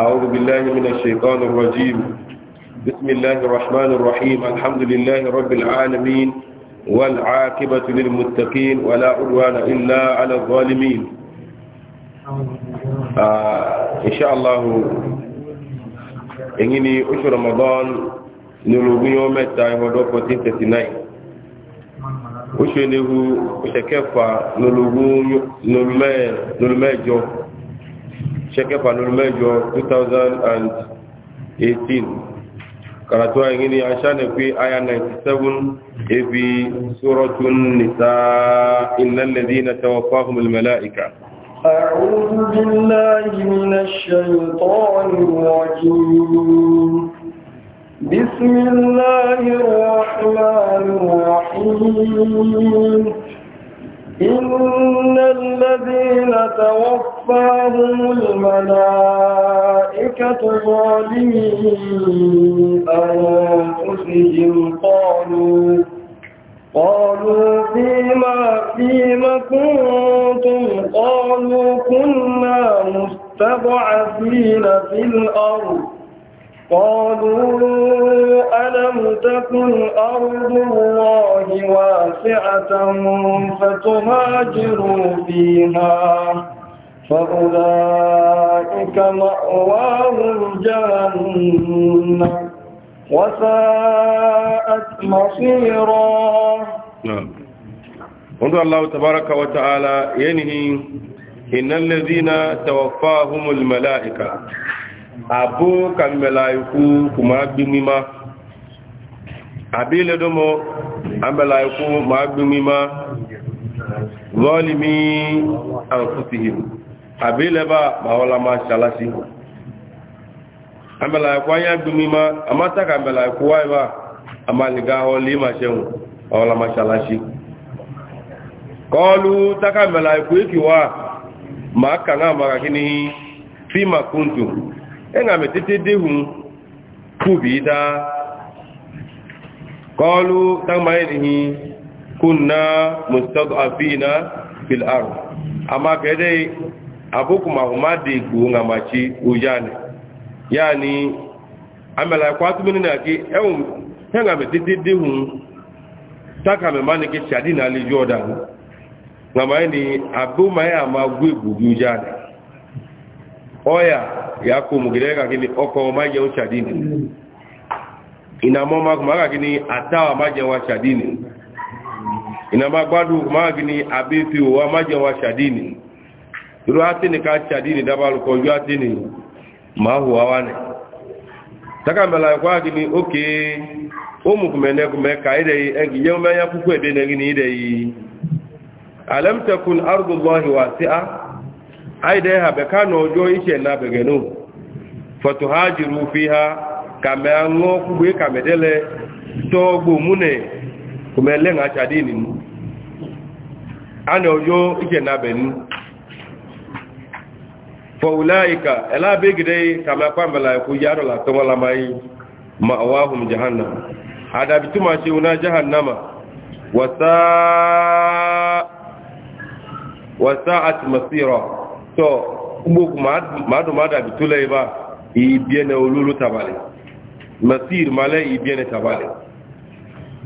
أعوذ بالله من الشيطان الرجيم بسم الله الرحمن الرحيم الحمد لله رب العالمين والعاقبة للمتقين ولا عدوان إلا على الظالمين آه إن شاء الله إنني أشهر رمضان نلوغ يوم التايم ودو 1439 أشهر له أشكفى نلوغ نلمي جو ṣẹ́kẹ́ fanúrú mẹ́jọ 2018 karatu a yìí ni a ṣáne aya 97 ebi sọ́rọ̀tún nìta inalẹ̀dí na tawafahun mala'ika أعوذ بالله من الشيطان الرجيم بسم الله الرحمن الرحيم إن الذين توفاهم الملائكة ظالمي أنفسهم قالوا قالوا فيما فيم كنتم قالوا كنا مستضعفين في الأرض قالوا ألم تكن أرض الله واسعة فتهاجروا فيها فأولئك مأواهم جهنم وساءت مصيرا نعم انظر الله تبارك وتعالى ينهي إن الذين توفاهم الملائكة abo kamela iku kuma gbimima abile domo ambela iku ma gbimima zalimi anfusihim abile ba mawala ma shalasi ambela iku anya gbimima amata kamela iku wa ba amaliga holi ma sheun mawala ma shalasi kọlu takamela iku ikiwa ma kanga maka fi ma kuntu. ẹ̀nà mẹ́tẹ́tẹ́ déhùn kúbì dá kọlu tagmayẹ̀dìhì kúnná mustad afina fil a ma kẹ́dẹ́ abúkùnmàhùnmá dé gbòhùn àmàci ojá ni yáà ni amẹ́lá ẹ̀kọ́ atúmínú náà kí ẹ̀hùn ẹ̀nà mẹ́tẹ́tẹ́ déhùn takamẹ́má ni kí ṣàdí náà lè jọ́ ọ̀dà ni ngama gbé ojá ni ya ko mugire ka gini oko ma je uchadini ina mo ma ma ka gini atawa ma je wa chadini ina ma gbadu ma ka gini abipi wa ma je wa chadini duro atini ka chadini dabalu ko ju atini ma huwa wane aida ya haɓe kano ojo ishe na begenu fatu hajiru fi ha kame an ŋo kame dele togbo mune kuma ele ŋa mu ana ojo ishe na benu faulaika ela begide kame la ku yaro la tongo lamai ma'awahum jahannam adabituma sheuna jahannama wasa wasa'at masira tɔ gbogbo maa dùn maa dàbí tó lẹ́yìn bá ìbíẹnẹ olóró tabalẹ̀ masir malẹ̀ ìbíẹnẹ tabalẹ̀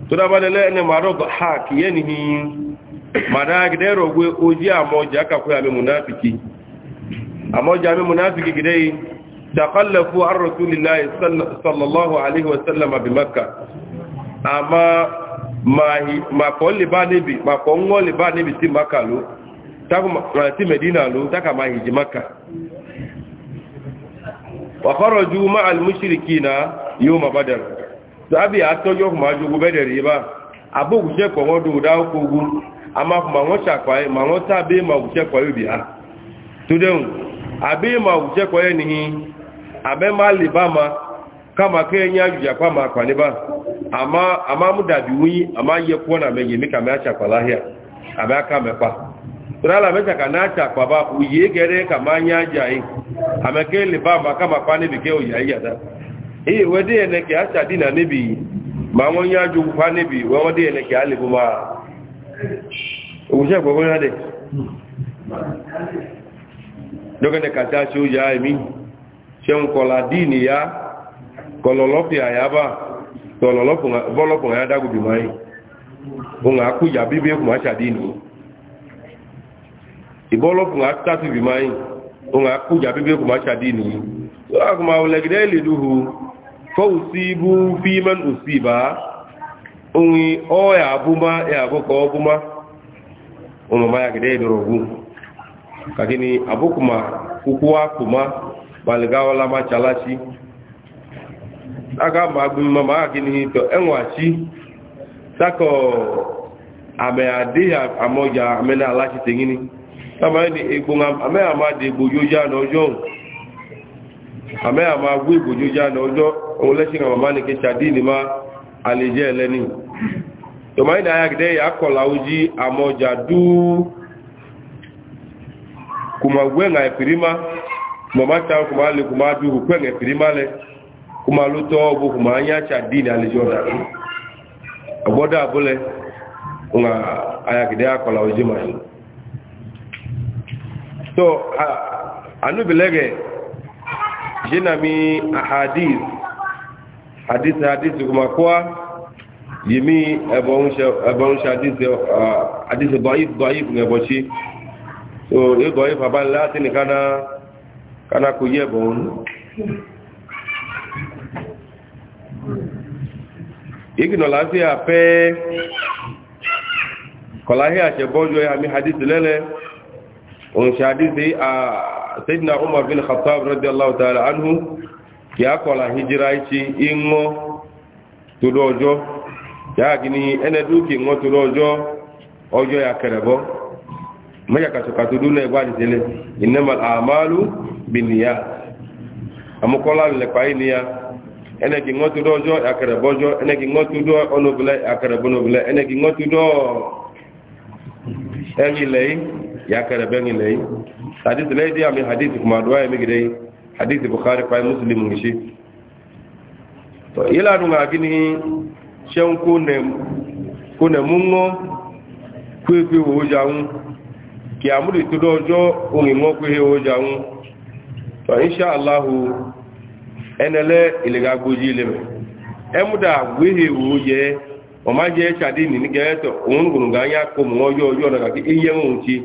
tó dábàdẹ lẹ́yìn maa ha kìyẹ́ nìyí maa dáa gidẹ́ rọ̀ gbé ojú àmọ́jà kakọ́ àmì munafiki àmọ́jà àmì munafiki gidẹ́ yìí takalafu an rasulillahi sallallahu alaihi wasallam bi makka àmà màkọ́ lè bá níbi màkọ́ ń wọ́n lè bá níbi sí makka lóò tí medina ló taka ma hìjì maka ọ̀kọ́rọ̀ ju ma alìmúṣìrìkì na yóò ma bádẹ̀ tó ábí àtọ́jọ́ ma jogun bẹ́dẹ̀ rí bá abóògùṣẹ́ kọ̀ wọ́n dòdá ogun a ma fún ma wọ́n ṣàpáyé ma wọ́n tàbí ma ògùṣẹ́ kọ̀ yóò bí a ma ògùṣẹ́ kọ̀ kama kẹ́yìn ajùjàpá ma pà ní bá a ma mú dàbí wúyí a ma yẹ kọ́nà mẹ́yẹ mí kàmẹ́ àṣàpá láhíà àbẹ́ aká mẹ́pa rala mecha ka na-acha akpaba uyi gere ka ma anya ji amaka a ma kama kpa nebike oyi yada iyi we dị ene ka acha di na nebi ma nwa onye ene ma ogwuche ya dị dogene ka ta si oyi emi seun kola dini ya kololopia ya ba kololopun ya dagubi mai acha dini ìbọ́lọ́pù ńlá tàbí bí máa ń òun àkójà bíbí kò máa ṣàdí nìyí tó àkùnmà ọ̀lẹ́gidẹ́ lè dúhù fọ́wù sí ibú bí mẹ́n ò sí ìbá òun ọ́ ẹ̀ àbúmá ẹ̀ àkọ́kọ́ ọbúmá òun màmá yàgidẹ́ ìdọ̀rọ̀gún kàkí ni àbúkùmà kúkú ni sábàá ní egbò àmẹ́ àmà dé gbòjó já ní ọjọ́ àmẹ́ àmà gbé gbòjó já ní ọjọ́ òun lẹ́sìn àwọn máa ní kí sàdí ní má àlejẹ́ ẹlẹ́ni tòmáyì ní ayagidẹ́ yà kọ̀lá ojí àmọ́jà dúú kùmà gbẹ́ngà ìpìrímá mọ̀má ta kùmà lè kùmà dúú gbẹ́ngà ìpìrímá lẹ kùmà ló tọ́ ọgbọ̀ kùmà ányá sàdí ní àlejẹ́ ọ̀dà yìí so anubilege jina mi ahadith hadith hadith kuma kwa yimi ebonse ebonse hadith hadith dhaif dhaif ne bochi so e dhaif aban lati ni kana kana kuye bon igno lafi ape kola hi ache bojo ya mi hadith lele on shadisi a sayyidina umar bin khattab radiyallahu ta'ala anhu ya kola hijira ichi ingo tudo ojo ya gini ene duki ngo tudo ojo ya kerebo meja kasuka tudu na egwa disele innamal a'malu binniyat amukola le painiya ene ki ngo tudo ojo ya kerebo ojo ene ki ngo tudo onobule ya kerebo onobule ene ki ngo tudo egilei ya kare ben ne hadith lai dia mi hadith kuma duwa mi gidai hadith bukhari fa muslim ngi shi to ila dunga gini shen ku ne mungo ku ku wo jaun ki amuri to dojo ungi mo he wo enele ile ga goji ile me emuda gwe he wo je o ma je ni ga nya ko mo yo yo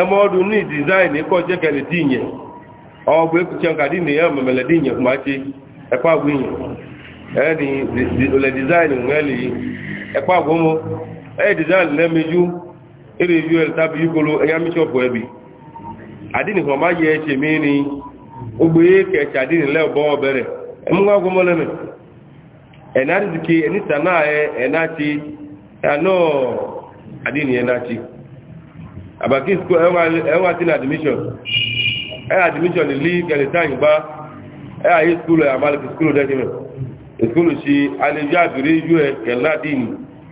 ẹmọ ọdún ní design kọ jẹ́kẹ̀lẹ̀ dìnyẹ̀ ọgbẹ́ kìtìyànkàdì ní ẹ̀mọ̀ mẹ́lẹ̀ dìnyẹ̀ kùmá ti ẹ̀pá gbìyàn ẹni olè design wẹ́lì ẹ̀pá gbọmọ ẹ̀ design lẹ́mẹjú eré yóò ẹ̀ tàbí yíkolo ẹ̀yà mísọ̀pù ẹ̀bì àdínì kan má yẹ ẹ̀ṣẹ̀ mí ni ogbe kẹ̀ẹ̀ṣẹ̀ àdínì lẹ́ọ̀bọ̀ ọ̀bẹ̀rẹ̀ ẹ̀múwá gbọmọ lẹ́mẹ̀ ẹ̀nà àdínì àbàkí school ẹwà tí ní admission ẹ admission lè gẹ̀lẹ̀tàn gbá ẹ àyí school ẹ àmàlùkì school dẹ́gbẹ̀rẹ̀ school ṣe alẹ́jọ́ àbìrí yú ẹ kẹ̀lá dìní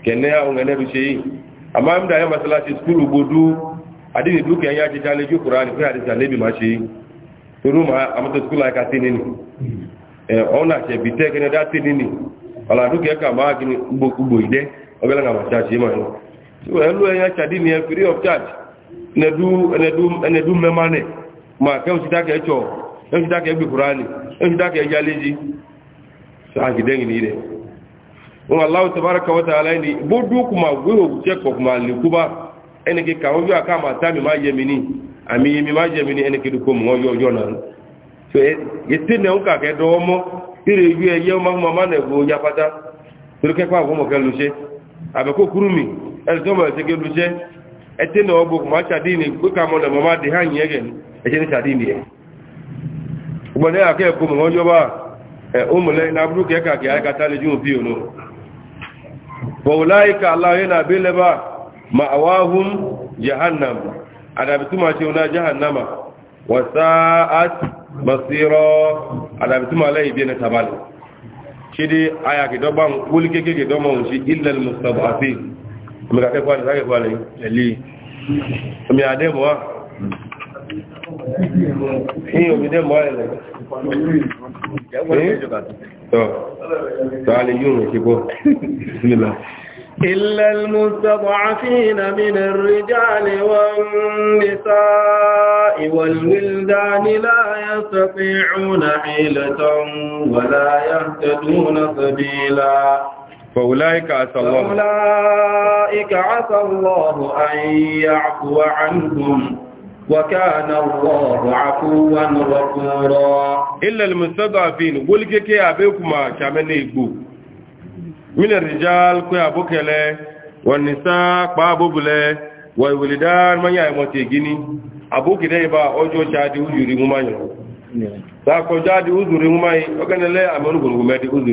kẹ̀lẹ́ ohun ẹ̀nẹ́rù ṣe yìí àmà ń dà ẹ masala ṣe school gbodú adìní dúkẹ́ ẹ̀yà ṣe alẹ́jọ́ kura ní fún àdìsà lẹ́bì máa ṣe torú ma àmọ́tò school àyíká sí nínú ẹ ọ̀hún àṣẹ bí tẹ́ kẹ́nẹ́dá sí nínú ọ̀làdúkẹ́ kà máa gbogbo ìdẹ́ ọgbẹ́lẹ́ ẹnẹ̀dú mẹ́mánẹ̀ ma kẹ́hùn sí dákẹ́ ẹ̀ṣọ́ ẹ̀ṣọ́ dákẹ́ ẹgbẹ̀ kùránì ẹ̀ṣọ́ dákẹ́ ẹ̀yà léjì ṣáàkìdẹ́yìn ní rẹ̀ wọn aláwọ̀ tẹbárakà wọ́ta aláìní bódú kùmà wíwò jẹ́kọ̀ kùmà lèkúbá ẹnìkì kàwọ́jú àkàmà tàmì má yẹmi ní àmì yẹmi so ètè nẹ̀ ń kàkẹ́ dọ́wọ́ mọ́ tẹ̀rẹ̀ ju ẹyẹ ọmọ má nẹ̀ gbó yapata torí kẹ́kọ̀ọ́ àwọn ọmọ kẹ́ lu ṣe àbẹ̀kọ́ ẹtí ní ọgbọ̀ kùmá ṣàdínì gbékàmọ́ lẹ̀ mọ́má dì hàn yẹ́ gẹ̀ẹ́ ẹ̀ṣẹ́ ní ṣàdínì ẹ̀ ọgbọ̀n ní àkẹ́ẹ̀kọ́ mọ̀ wọ́n yọba ọmọlẹ́ iná burúkú ẹ̀kà kí á kàtà lè jùmọ̀ bí òun bọ̀wọ̀láìkà at masirọ́ àdàbìtúmà lẹ́yìn bí ẹni tàbálẹ̀ ṣe dé ayàkìdọ́gbà wọlé kékèké dọ́mọ̀ òun ṣe ilẹ̀ mustapha mi ka kẹ́kọ́ àti sákẹ́kọ́ àlẹ́ ẹ̀lẹ́ omi àdẹ́mọ́ ní omi dẹ́mọ́ ẹ̀lẹ́ tọ́ alẹ́ yóò rẹ̀ إلا المستضعفين من الرجال والنساء والولدان لا يستطيعون حيلة ولا يهتدون سبيلا فأولئك عسى الله فأولئك عسى الله أن يعفو عنهم وكان الله عفوا غفورا إلا المستضعفين ولكك يا بكما كمن يبو من الرجال كي أبوكل والنساء بابوبل والولدان من يموتي جني أبوك دايبا أجو شادي وجوري مما يرو ta kọjá di uzuri àmì uzuri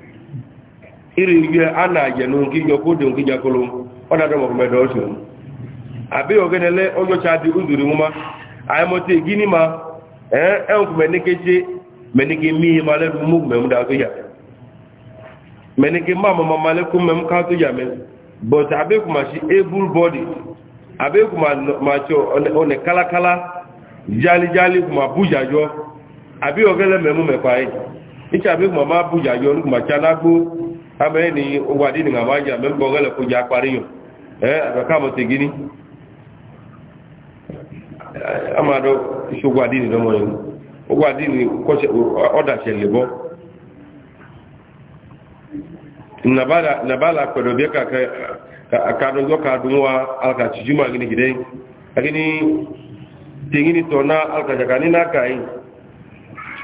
iri igwe a na-aje na nke ige dị nke ige kwụrụ ọ na-adọ otu ogenele onyocha dị uzuri nwụma anyị mụta gịnị ma ee enwekwu menikechi menike mme ihe ma mụ mgbe m ya menike mma ma lekwu m ka atụ ya mee, but ebul bọdi one kalakala jali jali buja ogele mmemme anyị ma ma amee ni ụwa dị na amaja me mgbe ogele kwụ ji akparị yo ee abaka mụta gịnị amado isi ụgwa dị na mọnyụ ụgwa dị ọdachele bọ na bala kwere bịa ka ka dụgọ ka dụwa alkachi juma gịnị gide gịnị tingini to na alkachi ka ni na aka yi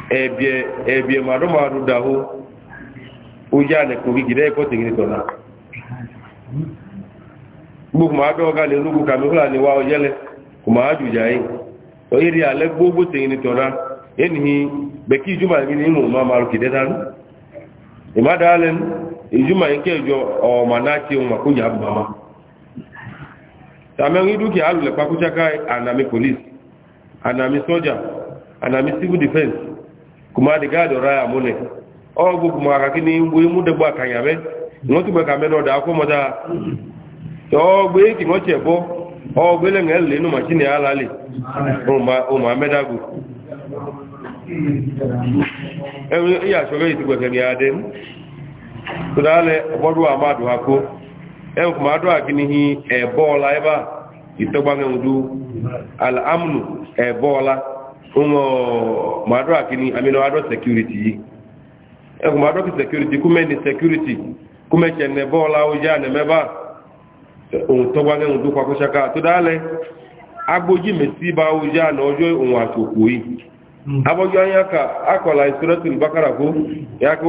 ebie ebie mmadụ mmadụ dahụ ojá nẹ̀kùn gígì lẹ́ẹ̀kọ́ tègìrì tọ̀nà gbogbo ma bẹ́ ọgá lè lógún kàmíhùlà ní wá ọjẹ́lẹ̀ kò máa jùjà yìí oyírí alẹ́ gbogbo tègìrì tọ̀nà ẹnìyí bẹ̀kí ìjúmà yìí ní ìmọ̀ máa máa rùkì dẹ́dánú ìmádàálẹ̀ ìjúmà yìí kẹjọ ọ̀ọ̀mà náà tí ohun àkójà bàmá tàmẹ́rin dúkìá alùlẹ̀ pakúṣáká ànàmì police ànàmì soldier ànàmì civil defense kò máa dìgáàdọ̀ ráyà múlẹ̀ ọgwụ bụ maka gị n'igbo imụde gba akanya be nwetụ mgbe ka me n'ọdụ akwụkwọ mọta ọgbụ e eki nwọchi ebo ọgbụ ele na ele nụ machin ya lali ụmụ amedago enwe ihe achọrọ itigwe ka gị adị tụdalị gbọdụ amadụ akụ enwe kuma adụ a gị n'ihi ebọọla ebe a itọgbanye nwudu ala amnu ebọọla ụmụ madụ a gị ni amịnọ adọ sekuriti yi ẹkùn bá dọ́kì security kúmẹ́ ní security kúmẹ́ tẹ̀ ní bọ́ọ̀lá ojá ní mẹ́bà òun tọ́gbágẹ́ òun tó kwakọ́ ṣaka tó dálẹ̀ agbójí mẹ́sí bá ojá ní ọjọ́ òun àtòkù yìí hmm. abọ́jọ́ yẹn ká akọ̀lá ìṣúrẹ́tù ìbákàrà kú ya kí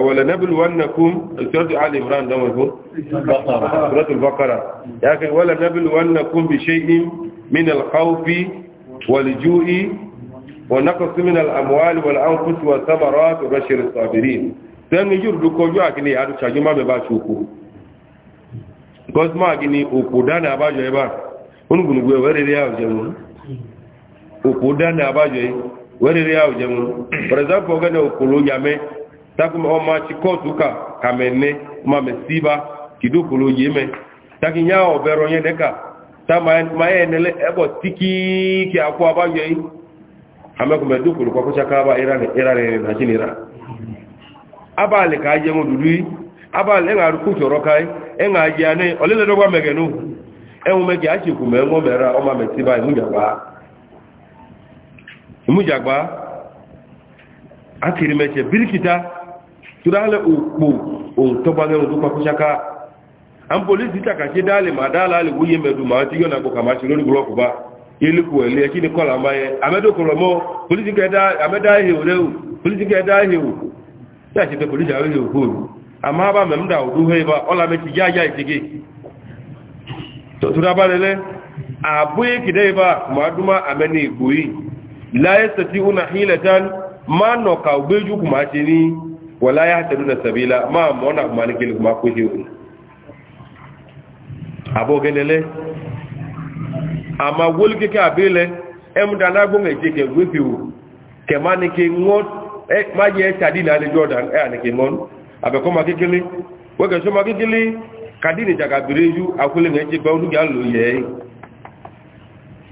wọlé nẹ́bìlì wọn nẹkún ìṣúrẹ́tù alìmran dánwò kú ìṣúrẹ́tù ìbákàrà ya kí wọlé nẹ́bìlì wọn nẹkún bí ṣe in min alkawfi wàlìjú ونقص من الأموال والأنفس والثمرات وبشر الصابرين sẹ́ni yóò dúkọ ojú àkíní àdúṣàjú má bẹ̀bá ṣòkó gọ́smá àkíní òpó dáná àbájọ ẹbá onígbùnúgbù ẹ̀ wẹ́rẹ̀rẹ̀ àwùjẹun òpó dáná àbájọ ẹ wẹ́rẹ̀rẹ̀ àwùjẹun pẹ̀rẹ̀sẹ̀pọ̀ ọ̀gẹ́nà òpó ló yàmẹ́ tákùn ọmọ ti kóòtù kà kàmẹ́nẹ́ ọmọ mẹ́ síbá kìdókò ló yé mẹ́ tákìnyá ọ̀bẹ̀rọ̀ yẹn dẹ́ka tá máa ẹ̀ amẹ́kùnmẹ́ dúkùrù kọkọ́ ṣakáwà ìrànrìn na abáàlì ká jẹ́ wọn dúdú abáàlì ẹ̀nà àrùkù ṣọ̀rọ̀ káí ẹ̀nà àjẹ́ àní ọlẹ́lẹ́dọ́gbà mẹ́gẹ̀nú ẹ̀hùn mẹ́gẹ̀ àṣìkù mẹ́wọ́n mẹ́ra ọmọ mẹ́tíbà ìmújàgbá akìrìmẹ́ṣẹ̀ bíríkìtá túdálẹ̀ òpó me tó kọkọ́ ṣaká àmì polisi tàkàṣẹ́ dáàlì màdáàlì wúyẹ́ mẹ́dùn màá tí yọ́nà ili ya kini kọla mmanya amedokoromo politiki ameda ihe orewu politiki eda ihe wu ya chete polisi ahụ ihe okwu ama aba mem da udu he ba ọla mechi ya ya itigi tọtụrụ abalele abụghị kide ba ma aduma amena igboyi la eseti una hiletan ma nọ ka ugbeju kuma chini wala ya hatadu na sabila ma mọ na kuma nikele kuma kwehi abụọ genele ama woli keke abele emda na gbo ngeje ke gwepiu ke mani ke ngot e maji e tadi na le jordan e ani ke ngon abe ko makikili wege so makikili kadini jaga bireju akule ngeje ba ulu galo ye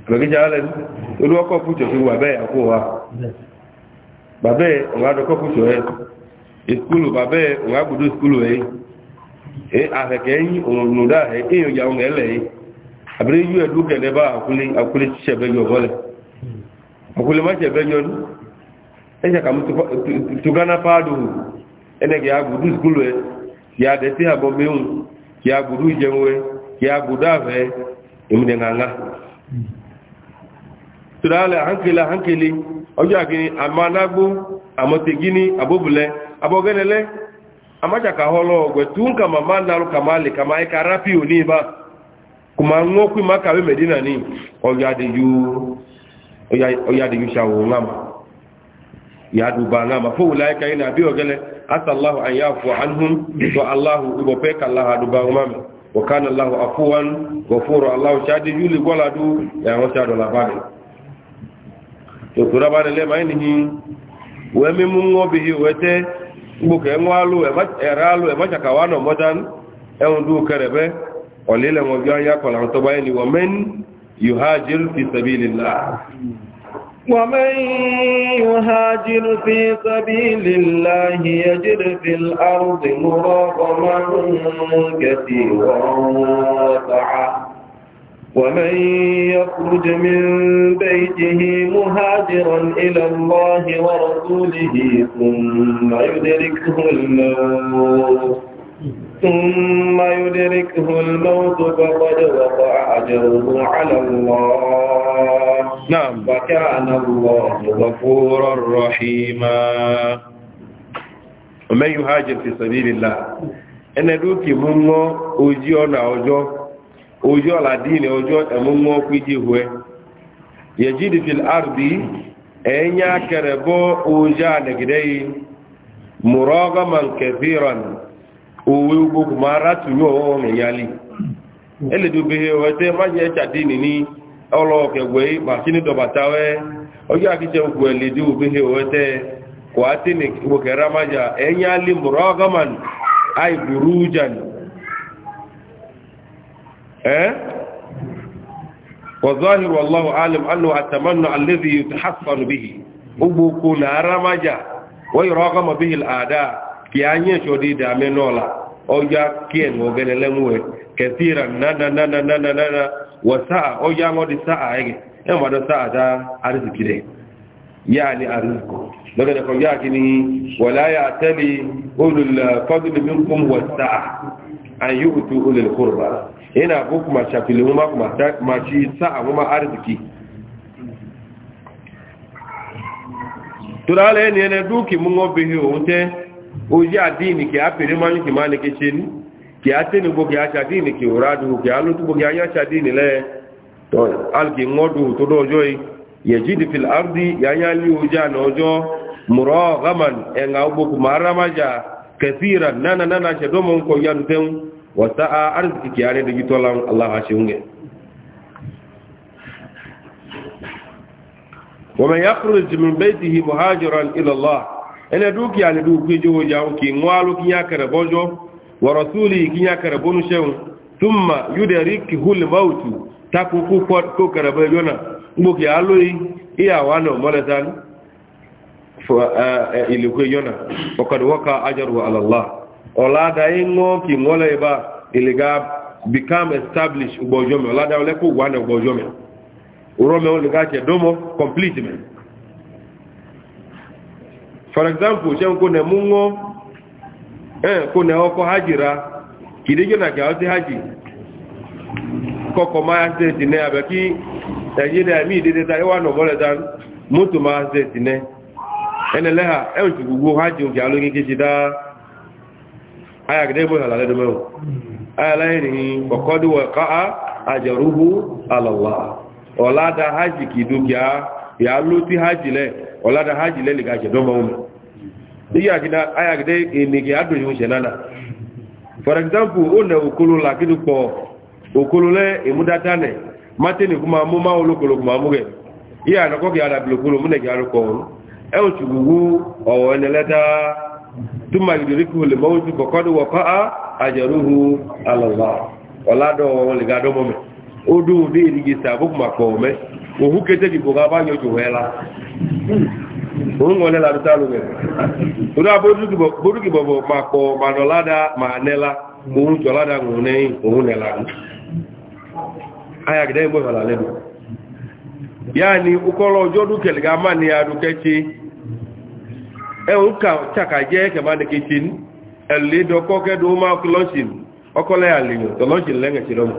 logi jale ulu ko kujo ku wa be aku wa babe ngado ko kujo e ikulu babe ngagudu ikulu e e aheke yi onuda e iyo ya ngele yi abiri yu ɛdu kɛlɛ ba akuli akuli tsɛ bɛ yɔ bɔlɛ akuli ma tsɛ bɛ yɔ nu ɛsɛ kamu tugana paa do ɛnɛ kɛ agudu sukulu yɛ e. kɛ adɛsi abɔ mewu kɛ agudu dzɛŋu yɛ e. kɛ agudu avɛ emu dɛ ŋaŋa tura lɛ hankele hankele ɔdzɔ akini amanagbo amɔtegini abobulɛ abɔgɛnɛ lɛ amatsaka hɔlɔ ɔgbɛtu kama ma nalu kama kama ɛka rapi oni kuma ŋo kwi ma kabe medina ni oyadeju oyadeju shawo ŋama yaduba ŋama fo wulai kai na biyo gele asa allahu an yafu anhum to allahu ibo pe ka allah aduba ŋama wa kana allahu afuwan gofuro allahu shadi yuli gola du ya ngo shado la bade to kura bade le mai ni we mi mu ngo bihi wete gbo ke ngwalu e ma eralu e ma chakawano modan e undu kerebe ọ̀lẹ́lẹ̀ wọn bí wọ́n yá ومن يهاجر في سبيل الله ومن يهاجر في سبيل الله يجد في الأرض مراغما كثيرا وسعا ومن يخرج من بيته مهاجرا إلى الله ورسوله ثم يدركه الموت ثم يدركه الموت فقد وقع أجره على الله نعم وكان الله غفورا رحيما ومن يهاجر في سبيل الله ẹnẹ dúkì mú mọ́ ojú ọ̀nà ọjọ́ ojú ọ̀là dínì ọjọ́ ẹ̀mú mọ́ píjì hù ẹ́ yẹ̀jìdì fi àrùbí ẹ̀yìn òwe gbogbo máa rátù ní ọwọ́ ọ̀rìn ìyálé ẹlẹ́dọ̀gbẹ̀ ọ̀ẹ́tẹ́ má jẹ́ ṣàdé nìní ọlọ́ọ̀kẹ̀wẹ́ màṣínì dọ̀bàtàwẹ́ ọjọ́ àkíṣẹ́ òkú ẹlẹ́dẹ̀ òbíhe ọ̀ẹ́tẹ́ kò á tẹ́ ní ìwòkẹ̀rẹ́ má jà ẹ̀yìn alé mùrọ́gọ́màn àìbùrú jàn ẹ́ wọ́zọ́hìr wọ́lọ́hù alim anú àtàmánu alẹ́dẹ̀ yóò ti hàfànù bíhi gbogbo kò náà rámájà wọ́n yọ̀rọ̀gọ́mà bíhi àdáa kì á nyẹ́ ṣọ́dí kí na na na na na nánanánanánà wọ sáà ọjá wọn di sáà ẹ̀gẹ̀ ẹ̀ mọ̀ dọ́ sáà dá àrísìkì ni wọ̀láyà tẹ́lẹ̀ olùlọ́fọ́dúnlẹ̀ mi kún wọ sáà àyè òtún ko kuma kuma kuma turale ne ne duki mun obihi oji adini ke apiri manyu ki mane ke cheni ki ateni bo ki acha dini ki uradu ki alutu bo ki acha dini le to alki ngodu to dojo yi yajid fil ardi ya yali uja nojo muragaman enga ubo kumaramaja kathira nana nana che domo ko ومن يخرج من بيته مهاجرا الى الله ene duki ale du ki jowo jaw ki ngwalu ki yakare bojo wa rasuli ki yakare bonu shewu thumma yudriku al maut takuku ko kare bojo na mboki aloi iya wano moletan fo eh, eh, ile ko yona faqad waka ajru ala allah ola da ingo ki ngole ba ile ga become established ubojo ola da ole ko wana ubojo me urome domo complete for example ṣe n kò nẹ mú wọn ẹn kò nẹ ọkọ hajj ra kìdíjọ nàkẹ àwọn ti hajj kọkọ máa accident nẹ abẹ kí ẹyin náà mí ìdíje ta ẹwà nà ọmọlẹ ta mọtò máa accident nẹ ẹnẹ lẹha ẹn tí gbogbo hajj òkè alóyún kéṣe dáa ayàgídé bó ṣàlàyé dọmọ ayàlàyé nìyí kọkọdúwọ ẹka àjẹrúhu alọwà ọlá da hajj kìdúkìá ìyá ló ti hajj lẹ. ọ̀làdà hajj lẹ́lẹ̀ ká ṣẹ̀dọ́ máa ń mọ̀ níyà àkídá ayàkídé ènìyàn àdóyìn oṣù nánà for example ó nà òkolo làkínú pọ̀ òkolo le emu nẹ̀ mátẹ́nì kó máa kuma mu olókolo kó máa mú rẹ̀ yíyà ànàkọ́ kí adàbìlò kó lò múnẹ̀ kí arúkọ ọ̀run ẹ̀ wu, ṣùgbùgbù tuma le a ajaruhu wala le ka mɛ kuma òhú kété dìbò ká bá yọjò wẹ́ la òun wọn lẹ́la dúdá lómi rẹ̀ torí abódúkì bọ̀bọ̀ máa pọ̀ máa nọ ládàá máa nẹ́la òun jọ ládàá òun nẹ́yìn òun nẹ́la ní ayàgídẹ́ ìbò ìfàlà lẹ́nu yáà ni ukọ́lọ́ ọjọ́ dúkẹ̀lì ká má ní adúkẹ́tì ẹ̀hún kà chàkàjẹ́ kẹ̀má ní kẹ́tì ẹ̀lẹ́dọ̀kọ́kẹ́dọ̀ máa kí lọ́ọ̀ṣì ọkọ́lẹ́ àlèyàn tọ́lọ́ọ̀ṣì lẹ́ngẹ̀ṣẹ̀ lọ́mọ́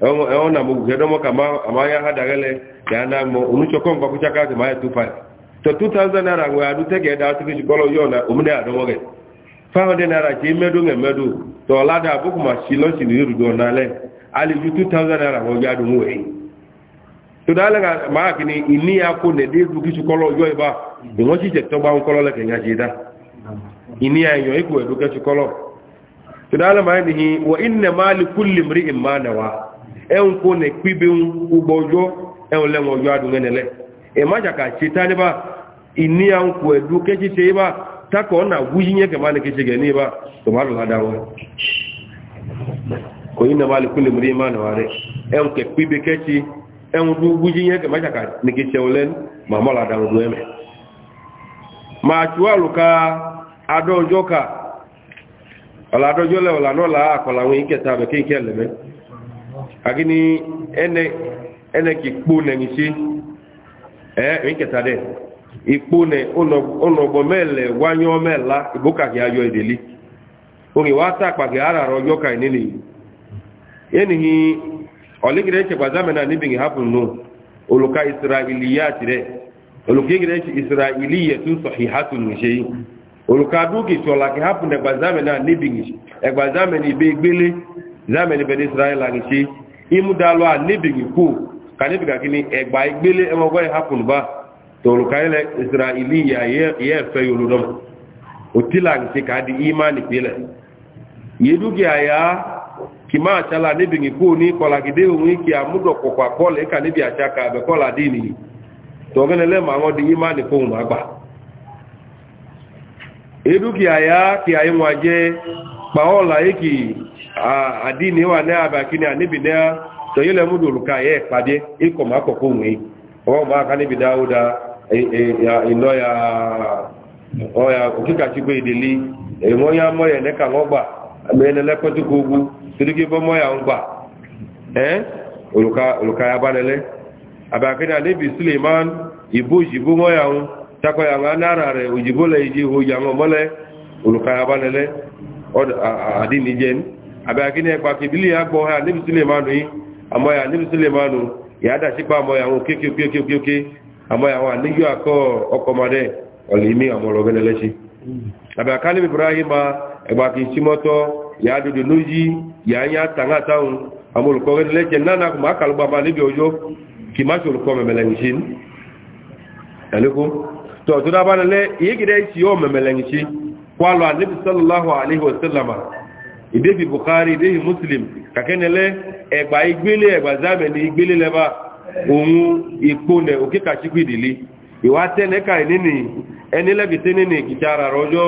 ẹwọn na gbogbo ẹdọmọ ka ma ya ha dagẹlẹ ya na mọ onutsọkọ nkpa kutsaka ka ma ya tu fain tọ two thousand naira ŋun adu tẹgẹ da ọtí kejì kọlọ yọ na omi náà dọwọ kẹ five hundred naira tse mẹdo ŋẹ mẹdo tọ ọlada aboko ma si lọsi ni yọrù dùn n'alẹ alidu two thousand naira wọn ya dùn wẹ tọdọ alẹ ka maa kini ìní ya ba ìwọ́n si jẹ da ìní ya yọ ikú ẹdun kẹsù kọlọ tọdọ alẹ maa yẹ mri ìmá wa. ẹ̀hún kó na pípé ń gbogbo ọjọ́ ẹ̀hún lẹ́wọ̀n ọjọ́ adùnrin nílẹ̀ ẹ̀májàkà ṣe tá níbà ìní àwọn kò ẹ̀dú kéṣe ṣe bá takọ̀ ọ̀nà wúyí yẹn kẹ̀má ní kéṣe gẹ̀ ní wọn kò yí lè kúlè máa nàwà kẹ̀ pípé dú wúyí yẹn ní wọn adọ́jọ́ ọ̀làdọ́jọ́ ni ene ene ki kpone nisi eh mi keta de ikpone ono ono bo mele wanyo mela ibuka ki ayo edeli ori wa ta pa ki ara rojo kai nini yeni hi oligire che bazamena ni bingi happen no oluka israiliyat re olugire che israiliyatu sahihatun shay oluka duki chola ki happen de bazamena e ni bingi e bazameni be gbele zameni be israila ngi imudalu a nebigi ku ka nebiga kini ẹgba igbele ẹmọgbọ ya hapun ba tolu ka ilẹ israeli ya yẹ fẹ yolu dọm otila nti ka di imani pele yedugi aya kima achala nebigi ku ni kọlagide onwe ki amudọ kọkọ akọla ka nebi acha ka abẹ kọla di ni tọgẹnẹ lẹma wọn di imani ku ma gba edugi aya ki ayi wọn jẹ kpaola eki àdínì wà ní àbàkí ní àníbì ní tọ́yílẹ̀ múdò olùkà yẹ ìpàdé ikọ̀ máa kọ̀kọ́ òun ọwọ́ ká níbi dáúdá ìlọ́yà ọ̀yà òkíkà ìdílé èèwọ̀n yá mọ́yà nẹ́ka wọ́n gbà mẹ́rin lẹ́kọ́tùkú ogun tìrígé bọ́ mọ́yà ń gbà ẹ́ abánilẹ́ àbàkí àníbì suleiman mọ́yà ń takọ̀yà ń anára rẹ̀ òjìbó lẹ́ ìjì mọ́lẹ́ abánilẹ́ àbẹ̀kí ní ẹgbà kìdílé agbọ́ ha níbi sílẹ̀ mánu yí àmọ́yà níbi sílẹ̀ mánu ìyáda sípa àmọ́yà àwọn kéèkéèkéèké àmọ́yà àwọn àníyàn akọ́ ọkọ̀mọdé ọ̀lẹ́mí àmọ́lọ́gẹ́lẹ́lẹ́sí àbẹ̀ká níbi ibrahim ẹgbà kì í símọ́tọ́ ìyádodo lóyí ìyáyá tàǹgàtàun àmọ́lùkọ́gẹ́lẹ́sẹ̀ nánà kùmà kàlùgbàmà níbi ọjọ́ kì tọ̀tọ̀ dábàá nílẹ̀ ìyíkìdẹ́ ìṣìyọ́ mẹ̀mẹ̀lẹ́yìnṣin kwalọ̀ àníbi sọ́lọ́láhùn àlẹ́hùn ọ̀sẹ́lẹ̀mà ìdébì bukhari ìdébì muslim kàkẹ́nẹ̀lẹ́ ẹgbà igbélé ẹgbà zámẹ̀ ní igbélé lẹ́bà ohun ìpónẹ̀ òkè kàṣíkù ìdílé ìwà tẹ́nẹ́kà ìníní ẹni lẹ́bìtẹ́ nínú ìkìtà ara rọjọ́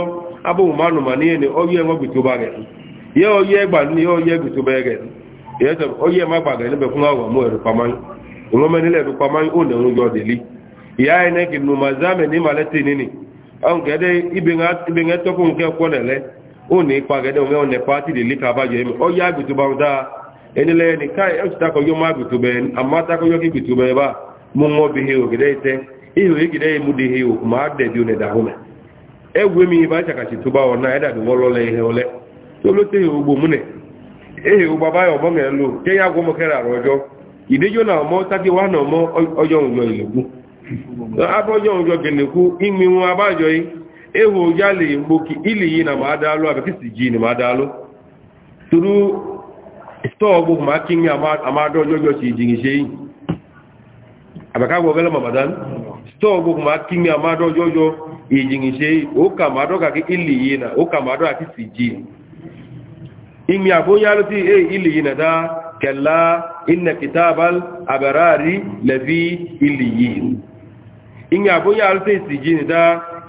abóhùnmánùmá ní ẹni ọyẹ́ ẹmọ́ gbìtò bá gẹ̀ẹ́sì yẹ ọyẹ́ ẹgbà ní ọyẹ́ gbìtò bá gẹ̀ẹ́sì ìyẹ́ sọ ọyẹ́ ẹmọ́ gbàgẹ̀ níbẹ̀ fún àwọn ọmọ ẹ̀rù pamán ìwọ́n mẹ́ni lẹ́rù pamán ó nẹ̀ ń yọ dèlí ìyá ẹni kì nùmọ̀ zámẹ̀ ní malẹ́tì nínú àwọn kẹ́ẹ́dẹ́ ibẹ̀ ń tọ́kùn kẹ́ẹ̀kọ́ nẹ̀lẹ́ òní ipa gẹ́dẹ́ òun ẹ̀wọ̀n nẹ̀pá ti lè lé kábàjọ ẹ̀mí ọ yá àgbètò bá ń dáa ẹni lẹ́yìn ní káì ẹ̀ ṣùtà kọjọ́ mọ́ àgbètò bẹ́ẹ̀ àmọ́ kí gbètò bẹ́ẹ̀ bá mú bí he ògẹ́dẹ́ tẹ́ ihò ìgẹ́dẹ́ mu di he òkú máa dẹ̀ bí ó nẹ̀dà hùmẹ̀ ẹ wé mi bá ṣàkàṣì tó bá ọ̀nà ẹ̀dàbí wọ́n lọ́lẹ̀ ihe ọlẹ́ tó ló tẹ́ ihe ogbò múnẹ̀ ihe ogbò abáyọ̀ ọmọ mẹ́rin lò kẹ́ yá gbọ́mọ kẹ́rẹ́ àrọ̀ ewu le mgboki ili yi na ma adaalụ abekisi ji ni ma turu ma si ji ise yi abeka gwogele mamadan stọọgbụ ma kinye amado iji ise yi ka ma adọka ki ili yi na ka ma adọka ki si ji imi abu yalu ti e ili yi na da kella inna kitabal abarari lafi ili yi imi abu yalu ti si ji ni da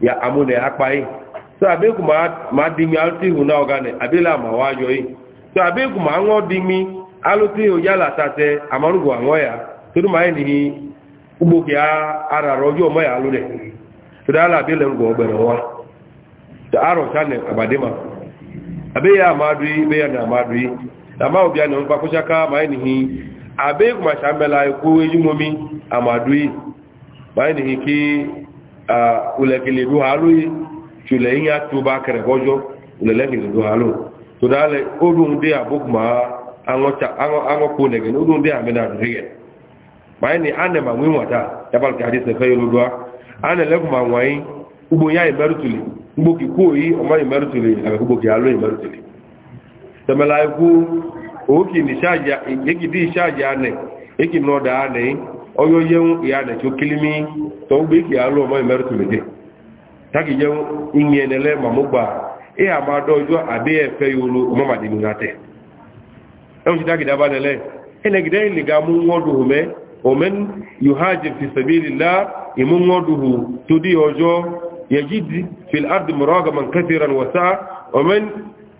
ya amu amune akpai so abeku ma ma dimi aluti huna ogane abila ma wajo yi so abeku ma ngo dimi aluti o yala tate amarugo ango ya tudu ma ndi ubo kya ara rojo mo ya alude tudala abile ngo obere wa to aro chane ma. abe ya madui be ya na ma madui ama obia ne mpa kushaka ma ndi abeku ma shambela ku ejumomi amadui ma ndi ki ulẹ̀kẹ̀lẹ̀ dúhà lóyí ṣùlẹ̀ yíya tó bá kẹrẹ̀ gọ́jọ́ ulẹ̀lẹ́kẹ̀lẹ̀ dúhà ló tó ni a nẹ̀mà wí wọ̀ta yàbálùkì àti sẹ̀fẹ́ yọlọ́dọ́á a nẹ̀lẹ́kùnmá wọ̀nyí gbogbo yá ìmẹ́rùtùlẹ̀ gbogbo kó yí ọmọ ìmẹ́rùtùlẹ̀ àgbẹ̀gbogbo yá ló ìmẹ́rùtùlẹ̀ tẹ̀mẹ̀lá ikú òókì ní sáàjà èkìdí sáàjà nẹ̀ èkì onye onye ya na-eche okilimi to mgbe ike ya alụ ọmọ imerụtụlite tagije inye nele ma mụgba ihe amado ọjọọ adịghị efe ya olu ọmamadịnate ẹwùsí dágìdá bá nẹlẹ ẹnẹgìdá ìlìgá mú wọ́dùhù mẹ́ omen fi sabililá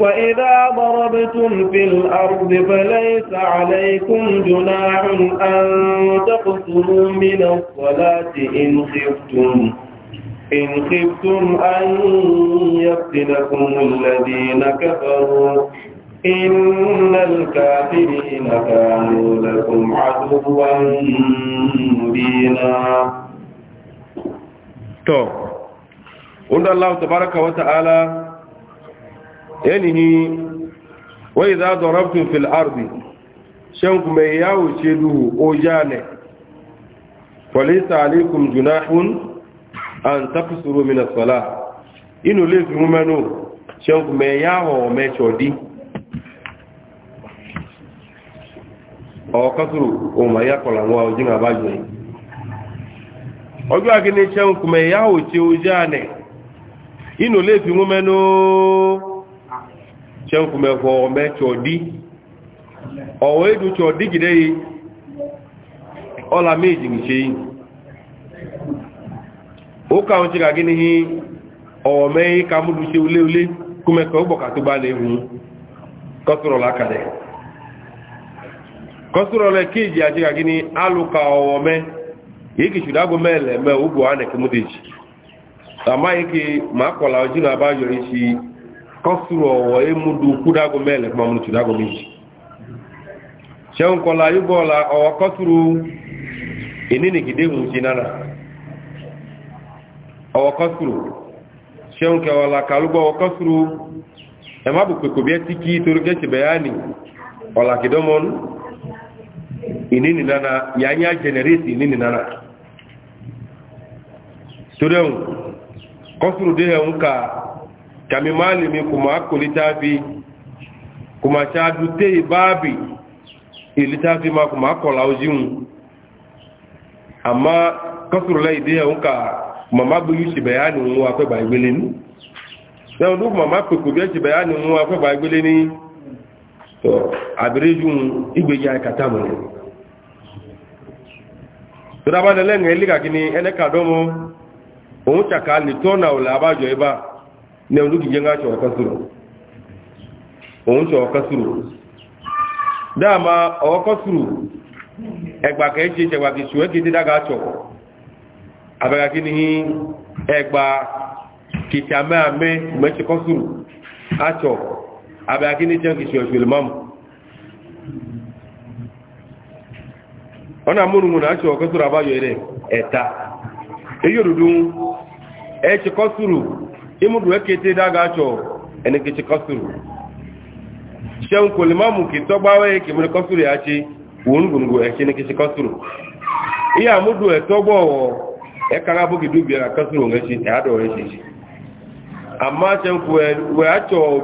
وإذا ضربتم في الأرض فليس عليكم جناح أن تقصروا من الصلاة إن خفتم إن خفتم أن يفتنكم الذين كفروا إن الكافرين كانوا لكم عدوا مبينا تو قلنا الله تبارك وتعالى yanihi wai za zarabtun fil ardi shanku mai yawo ce duhu o ja ne falisa alaikum junahun an tafsuru min as-salah inu le fi mumenu shanku mai yawo me chodi o kasuru o ma ya kola wa o chenkume ko me chodi o we du chodi gide yi ola meji ni sei o ka onti ga gini hi o me ka mu du se ule ule kume ko gbo ka to ba le hun kosuro la kale kiji ati ga gini aluka o ama ba kɔsuru ɔwɔ emu do kudago mɛlɛ kuma mu tudago mi dzi tiɛn kɔla yibɔ la ɔwɔ kɔsuru enini gide ŋu nana ɔwɔ kɔsuru tiɛn kɛwɔ la kalugbɔ ɔwɔ kɔsuru ɛma bu kpekpe bi etiki toro kɛse bɛyani ɔla kidɔmɔn enini nana yanya generate enini nana to dɛ ŋu de yɛ ŋu ka kami malimi kuma akko littafi kuma ta dute babi littafi ma kuma akko laujin amma kasuru lai da yawon ka mama gbe shi bayanin wọn akwai ba igbele ni yawon duk mama koko biya shi bayanin wọn akwai ba igbele ni to abirejun igbeji aikata mu ne to da ba da lẹ́nu ẹlẹ́gàkini ne olugije nga chọrọ kasuru òun chọrọ e e kasuru dáàmà ọ̀họ́ kasuru ẹgbà kẹ́ẹ̀ṣe ṣẹgbà ṣùgbẹ́ kìí dídága chọrọ abẹ́gà kí ni ẹgbà àmẹ́ achọ abẹ́gà kí ni ṣe kìí ṣe ọ̀ṣùlẹ̀ mọ́mù ọ̀nà múrùmù náà chọrọ rẹ̀ ẹ̀ta èyí imudu eke te daga cho ene ke chikasuru shem kulimamu ki togbawe ki mu ya chi wongungu e chine ke chikasuru iya mudu e togbowo e kanga bu ki ụmụ ya nge chi ya do chi amma ku we acho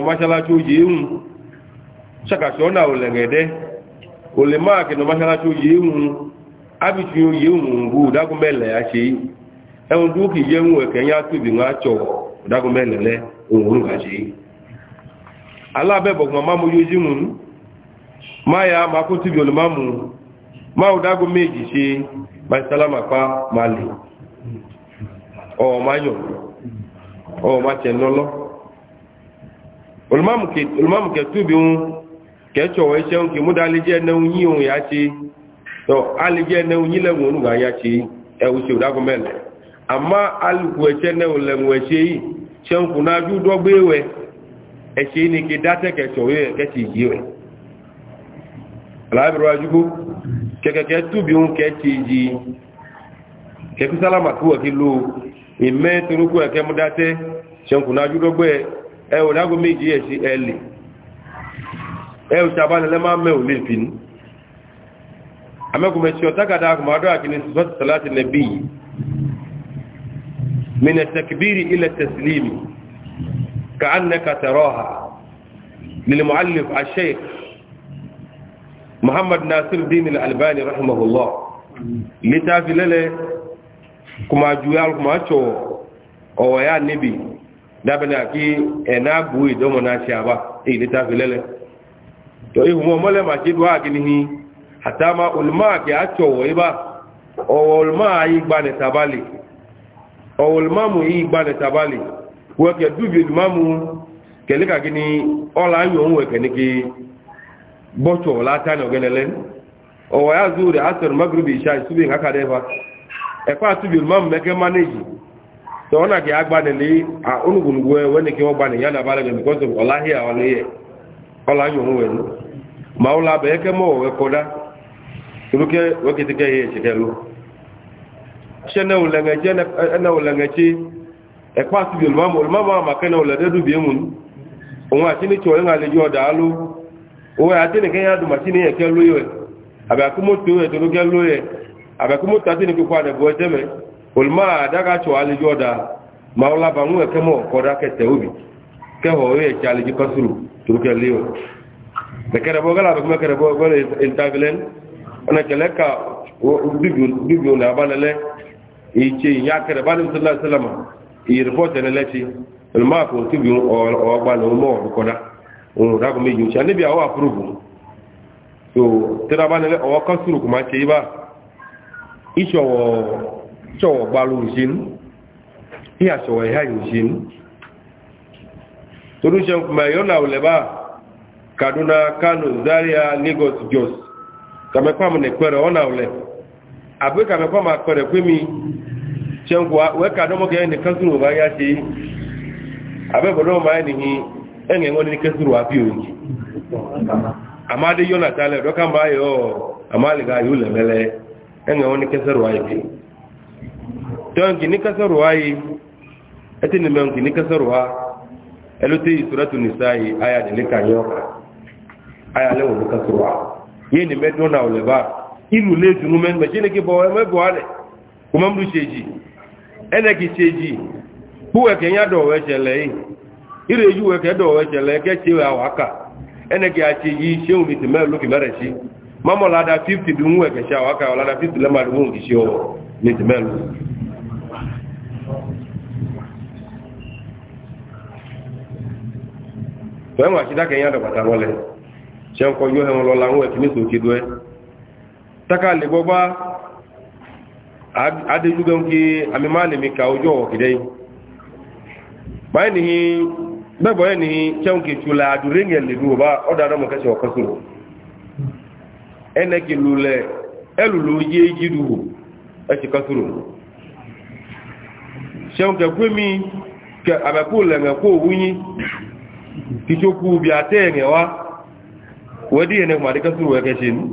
mashala un chaka olengede no mashala un abi chi ẹ̀hùn tó kìí yẹ́ ń wọ̀ ẹ̀kẹ́ yá tóbi wọn àtsọ̀ ọ̀dágun bẹ́ẹ̀ lẹ́lẹ́ òun òun gàṣe yìí alábẹ́bọ̀gbọ̀n máa mú yóò ma ya máa yà máa kó tóbi olùmọ́ máa ọ̀dágun méjì ṣe máa sálámà pa máa lè ọ̀ máa yọ̀ ọ̀ máa tẹ̀ olùmọ́ tóbi wọn lè jẹ́ ṣe ṣe ọ̀dágun amma alkuwace na ulanwace yi shan kuna ju dogbewe e ṣe ni ke data ke ṣoye ke ti jiwe alabiruwa jugu kekeke tubi un ke ti ji keku salama kuwa ki lo ime turuku eke mu date shan kuna ju dogbe e o lago me o le fini amekumeci otakada akumadọ akini sọtọ salati من التكبير إلى التسليم كأنك تراها للمعلف الشيخ محمد ناصر الدين الألباني رحمه الله لتافي لله كما جوال كما شو أو يا نبي دابنا كي أنا بوي دوم ناشيابا إيه لتافي لله to ihu mo mole ma ti duwa gini hi hata ma ulma ke acho iba o ulma ọwụlmamu yi gbani tabali weke dubil mamu kele ka gịnị ọla anyo onwe kene ki ọla lata na ogenele ọwọ ya zuri asir magribi isha subi nga ka deva ekwa tubil ma meke maneji so na ki agbanili a onugunugwe wene ki ogbani ya na balage because of ọla hia ọla ihe ọla anyo onwe ni ma ọla bụ eke mọ owe kọda turuke wekitike ihe echekelu sene ulenge jene ene ulenge chi e kwa si bil mama ul mama ma kana ulade du bi mun onwa chini cho nga le jo dalu o ya tini kenya du machini ye kelu yo aba kumo tu e du kelu ye aba kumo ta tini ku kwa de bo teme ul e kemo ko da ubi ke ho ye chale ji kasuru tu kelu yo de kere bo gala ba kere bo gole intaglen ona ice ya kare ba nabi sallallahu alaihi wasallam i report ne lati al ma ko tibi o ba no mo ko da o da ko mi ju cha nabi awa approve so tira ba ne o ka suru kuma ce ba iso wo iso wo ba lu jin iya so wa ya jin torí ṣe ma yọ́nà òlẹ̀bá kaduna kano zaria lagos jos kàmẹ́kọ́ àmì nìpẹ́rẹ̀ ọ̀nà òlẹ̀ abu kame kwa ma kore kwimi chen kwa weka domo ke ni kasuru ba ya ti abe bodo ma ni hi enge ngoni ni kasuru wa piyo ni yona tale do kan ba yo amali ga yule mele enge ngoni kasuru wa ibi donc ni kasuru wa yi ati ni mengi ni kasuru wa eluti suratu nisa'i aya de lekanyoka aya lewo kasuru irule etu mume mgbe chineke bụ eme bụ ale kuma mdu cheji ene cheji puwe ke nya do wechele yi ire ju we ke do wechele ke chewe awaka ene ki acheji shewu mi teme lu ki mere shi mamo la 50 du nwe ke sha awaka la 50 le ma du ngi shi o ni teme lu to en wa shida ke nya do pata wole se nko yo taka le gbogbo adejugan ki ami malimi ka ojo okide bayi ni gbogbo yi ni ceun ki tula adure ni ele duwo ba o dara mo kese okosuro ene ki lule elulu ye jiduwo e ti kosuro ceun ke kwemi ke abaku le nge ko wunyi ki choku bi ate nge wa wadi ene ma de kosuro e kese ni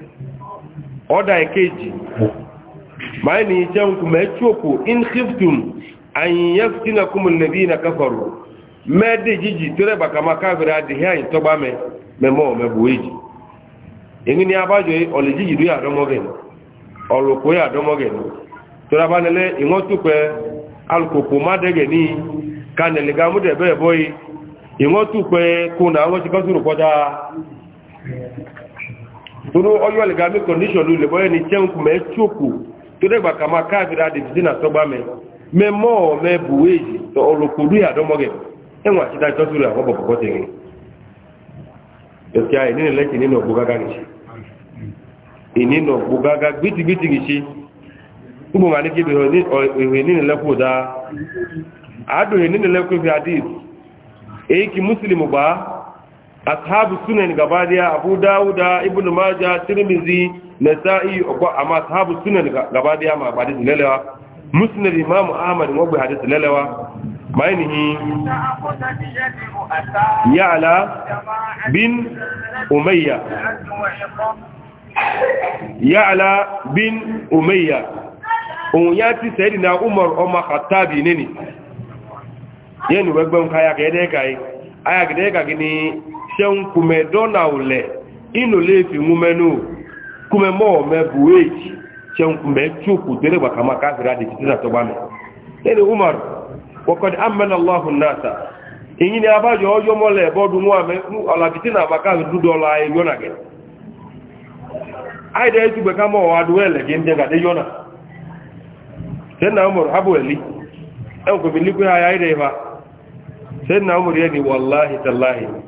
ọ̀dà ìkejì máa ní iṣẹ́ ń kú mẹ́tíòkù in khiftum àyíyẹ́ fìtínà kúmù nàbí na káfàrù mẹ́dẹ̀ jíjì tó rẹ̀ bàkà máa káfìrí àdìhẹ́ àyìn tọ́gbà mẹ́ mẹ́mọ́ mẹ́bù èjì èyí ni abájọ ọ̀lẹ̀ jíjì ló yàdọ́mọ́gẹ̀nù ọ̀lùkó ìwọ́n tó pẹ́ má dẹ́gẹ̀ ní bẹ́ẹ̀ bọ́ tunu ọyọ le gami condition lu le bọ ẹni tiẹ nkùn mẹ tsoko tó dẹgba kama káàkiri adìsí na sọgbà mẹ mẹ mọ mẹ buwe tọ ọlọpọlù yà dọmọgẹ ẹwọn àti dájọ tó rẹ àwọn bọbọbọ tẹ ní. ẹsẹ ìní lẹsẹ ìní nọgbó gágá kìí ṣe ìní nọgbó gágá gbìtìgbìtì kìí ṣe gbogbo wọn anike bi ìwé ìní lẹkọ dáa àádọ ìní lẹkọ fi adìs èyí kì mùsùlùmù gbàá ashabu sunan gaba daya abu dawuda ibn maja tirmizi nasa'i ko amma ashabu sunan gaba daya ma ba hadisi lalewa musnad imam ahmad wa bi hadisi lalewa mainihi ya'la bin umayya ya'la bin umayya on yati sayyidina umar umma khattabi nini yenu bagban kaya kede kai aya kede kai ni tẹun kùmẹ dọ́nà ọ̀lẹ inú lè fi mú mẹ́nu kùmẹ mọ́ ọ̀mẹ buwéjì tẹun kùmẹ tún kù tẹ́lẹ̀ gbàkàmà káfíìrì àti títí àtọ́gbà mi lẹ́nu umar wọ́kọ̀dé amẹ́nà aláhùn náà èyí ni abájọ ọjọ́ mọ́lẹ̀ bọ́dún àmẹ́ ọ̀làbìtì náà bá dúdú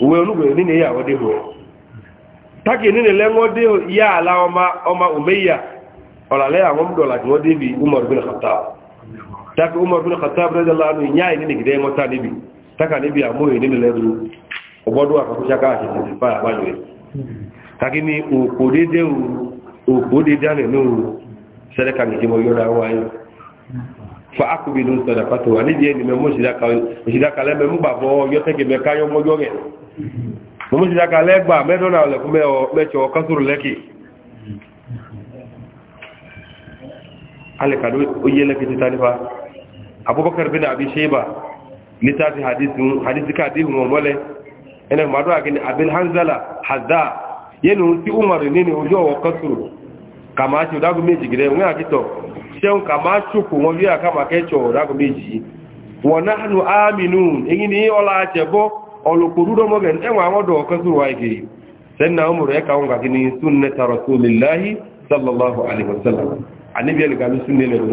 uwe olugbe nínú ìyàwó déhù ẹ̀ tákì nínú lẹ́wọ́n déhù yá àlá ọmọ ọmọ òmẹ́yà ọ̀làlẹ́ àwọn ọmọdọ̀là tí wọ́n débi umar bin khattab tákì umar bin khattab rẹ̀ lánàá ìyá ẹ̀ nínú ìdẹ́ wọn tá níbi tákà níbi àmóyè nínú lẹ́nu ọgbọ́dún àkọkọ́ṣáká àti ìfà àbájọ ẹ̀ tákì ní òkò dédé òkò dédé àná nínú sẹ́dẹ̀kà nìjẹ́mọ̀ yọ́ra wáyé fa akubilu sadakatu ani je ni memo sidaka sidaka le memo babo yo tege me kayo mo joge memo sidaka gba me do na le ku me o me cho kasur leki ale kadu o ye le kiti tanifa abubakar bin abi shayba litati hadithu hadithi ka di mo mole ene madu agini abil hanzala hadda yenu ti umar nini o jo kasur kama ti dagu meji gire ngi akito ìṣẹ́un kà máa ṣòkò wọn bí àkàmà kẹ́ṣọ̀ ọ̀dákùn méjì wọ̀n náà nù áàmìnú èyí ni ọlá àṣẹ̀bọ́ ọ̀lọ́kò rúdọ́ mọ́gẹ̀ ẹwà àwọn ọdọ̀ ọ̀kan sórí wáyé kiri sẹ́nà ọmọ rẹ̀ kàwọn kàkí ni súnnẹ́ tààrọ̀ tó lè láyé sallallahu alaihi wasallam àníbi ẹlẹ́gàlú súnnẹ́ lẹ́nu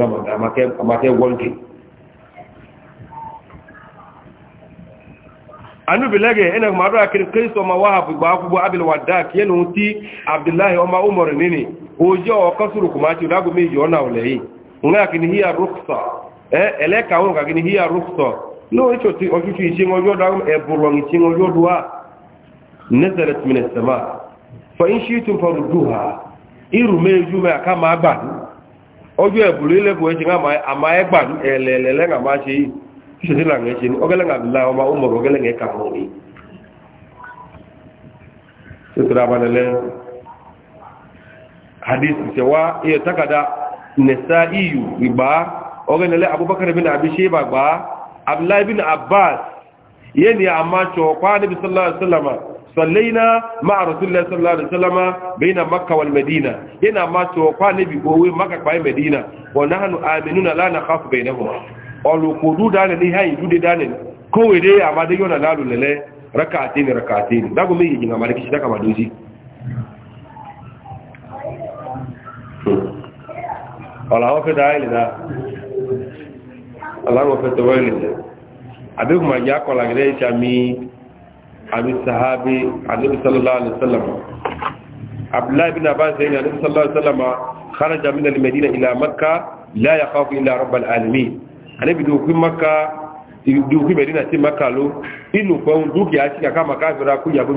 àmàkẹ́ wọ́nkì anu bilage ina maru akiri kristo ma wahab gba akwụgbọ abil wadak yenu ti abdullahi ọma umar nini ojo ọkọ suru kuma ti dagu meji ọ na ụlẹ yìí ngakini hiya ruksa eh eleka won ngakini hiya ruksa no icho ti ojuju ishin ojo da e burwon ishin ojo duwa nazalat min as-sama fa in shi'tum farudduha iru meju me aka ma gba ojo e buru ile bo e jinga ma ama e gba elelele nga ma se icho ti la nge ogele nga billah ma umur ogele nga e ka mo ni sutra banale hadith sewa iya takada nasa'iyu gba ogenele abubakar bin abi sheba gba abdullahi bin abbas yeni amma cho kwa nabi sallallahu alaihi wasallam sallaina ma rasulullahi sallallahu alaihi wasallam baina makkah wal madina yana amma cho kwa nabi gowe makka kwa madina wa nahnu aminuna la nakhafu bainahuma olu kudu dane ni hayi dude dane ko wede amade yona lalu lele rakatin rakatin dago mi yinga maliki shida kama doji Thank you ọ̀làwọ́ fẹ́ dáa ìlìdá ọ̀làwọ́ fẹ́ tọwọ́ ìlìdá àbíkù ma jẹ́ akọ̀lá gẹ́gẹ́ ìṣẹ́ àmì àmì sahabi àdébí sallallahu alaihi wasallam abdullahi bin abbas zai àdébí sallallahu alaihi wasallam kharaja min al-madina ila makka la yakhafu illa rabbal alamin àdébí dukun makka dukun medina ti makka lo inu fọhun dúkìá sí kàkà makka fẹ́ra kú yàgò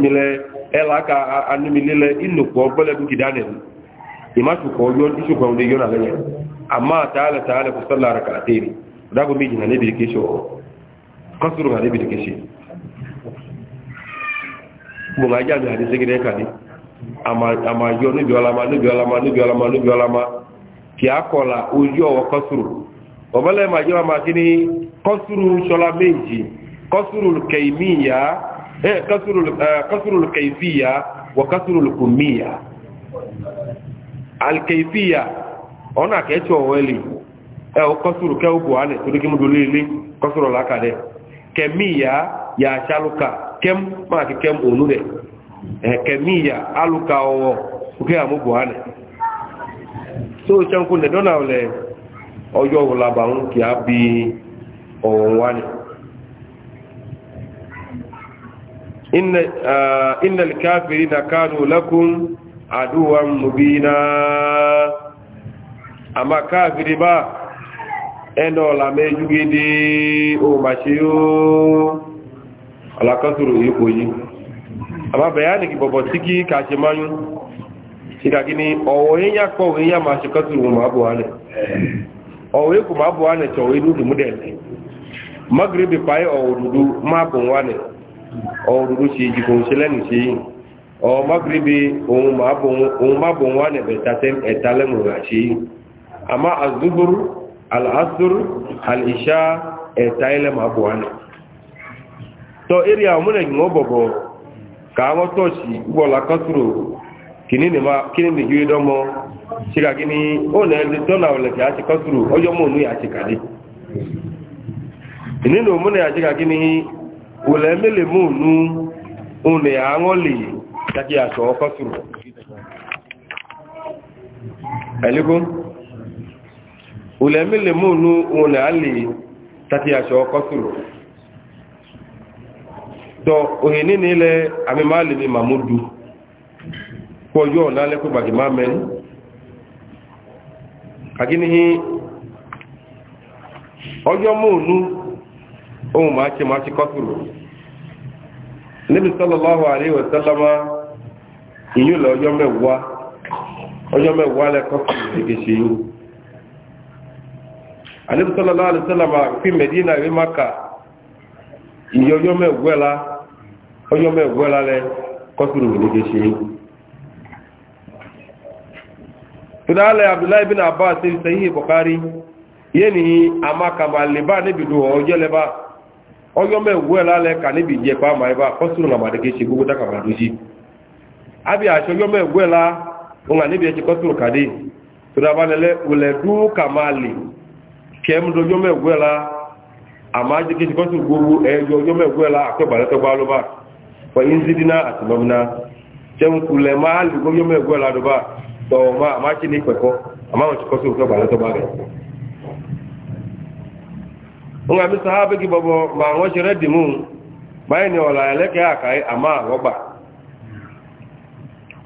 ima shuko yon ishu kwa ndi yona ganye amma ta'ala ta'ala ku salla rak'atayn da go miji na ne bi kishi o kasuru na ne bi kishi bo ga ja ga hadisi gide ka ni ama ama yo ni bi alama ni bi alama ni bi alama ni bi alama ki akola ojo o kasuru o bale ma jira ma kini kasuru shola meji kasuru kaymiya eh kasuru eh, kasuru kayfiya wa kasuru kumiya alkeifiya ona ke cho weli e o kosuru ke ubu ane tuli kimu dulili kosuru la kade kemiya ya shaluka kem ma ke kem unude e kemiya aluka o uke amubu ane so chanku ne dona ole ojo wala baun ki abi o wani inna uh, innal kafirina kanu lakum aduwan mubina amma kafiri ba ẹnà ọ̀làmẹ́ jùgede ohùnmáṣe yóò alákọ́sùrù ipò yìí àmá bẹ̀yà nìkì bọ̀bọ̀ tí kí kàṣẹ máyún ṣìkàkí ni ọ̀wọ̀ yíyá pọ̀ yíyá máa ṣe kọ́sùrù máa bọ̀ wálẹ̀ ọ̀wọ̀ ikú máa bọ̀ ọ magribi ohun ma bụ nwa na-ebetatalemu ghachi Ama azubur al'asur al'isha etalem Tọ eri a muna gina ka awon tochi ugbola kini gini na ẹni tọ́nà ọ̀lẹ̀kẹ̀ ọ kọturu ọjọ́ mọ̀ ní àti Kini nínú òmúnẹ̀ àti kàkíní òlẹ̀ mẹ́lẹ̀ mọ̀ nú taki aṣọ ọkọ̀ sùrù ẹ̀lẹ́gún ulẹ̀mí lè mú inú òun lè á lè taki aṣọ ọkọ̀ sùrù tọ òhìn nínú ilẹ̀ àmì máa lè ní màmúdu pọ̀ yóò lálẹ́ pé gbàgbé máa mẹ́rin àgínihí ọjọ́ mọ́ọ̀nú ohun máa ṣe máa ṣe kọ́sùrù níbi sọ́lọ́lọ́wọ́ àríwẹ̀ sọ́lọ́mọ́ ìyún lọ na mẹ́wàá ọjọ́ mẹ́wàá lẹ́kọ́ fún ìgbèsè na alẹ́bùsọ́lọ́lá alẹ́sọ́lọ́mà fi mẹ́dínà rí maka ìyẹ ọjọ́ mẹ́wàá ọjọ́ mẹ́wàá lẹ́ kọ́ fún ìgbèsè yìí tunalẹ̀ abdullahi bin abbas ṣe sẹ́yìn bukari yẹ́n ni ma leba níbi dùn ọjọ́ lẹ́ba ọjọ́ mẹ́wàá lẹ́ kà níbi jẹ́ pàmò gbogbo dákàmà lójú. abi aso yomo egwela unga nibi echi koturu kadi tudabanele ule du kamali kem do yomo egwela amaji kichi koturu gugu ejo yomo egwela akwebale to gbalo ba fa inzidina atmamna jem kule mali go yomo egwela do ba to ma amachi ni peko ama o chikotu ko gbalo to ba re unga mi sahabe ki bobo ma ngo shiredi mu bayani wala eleke akai ama wogba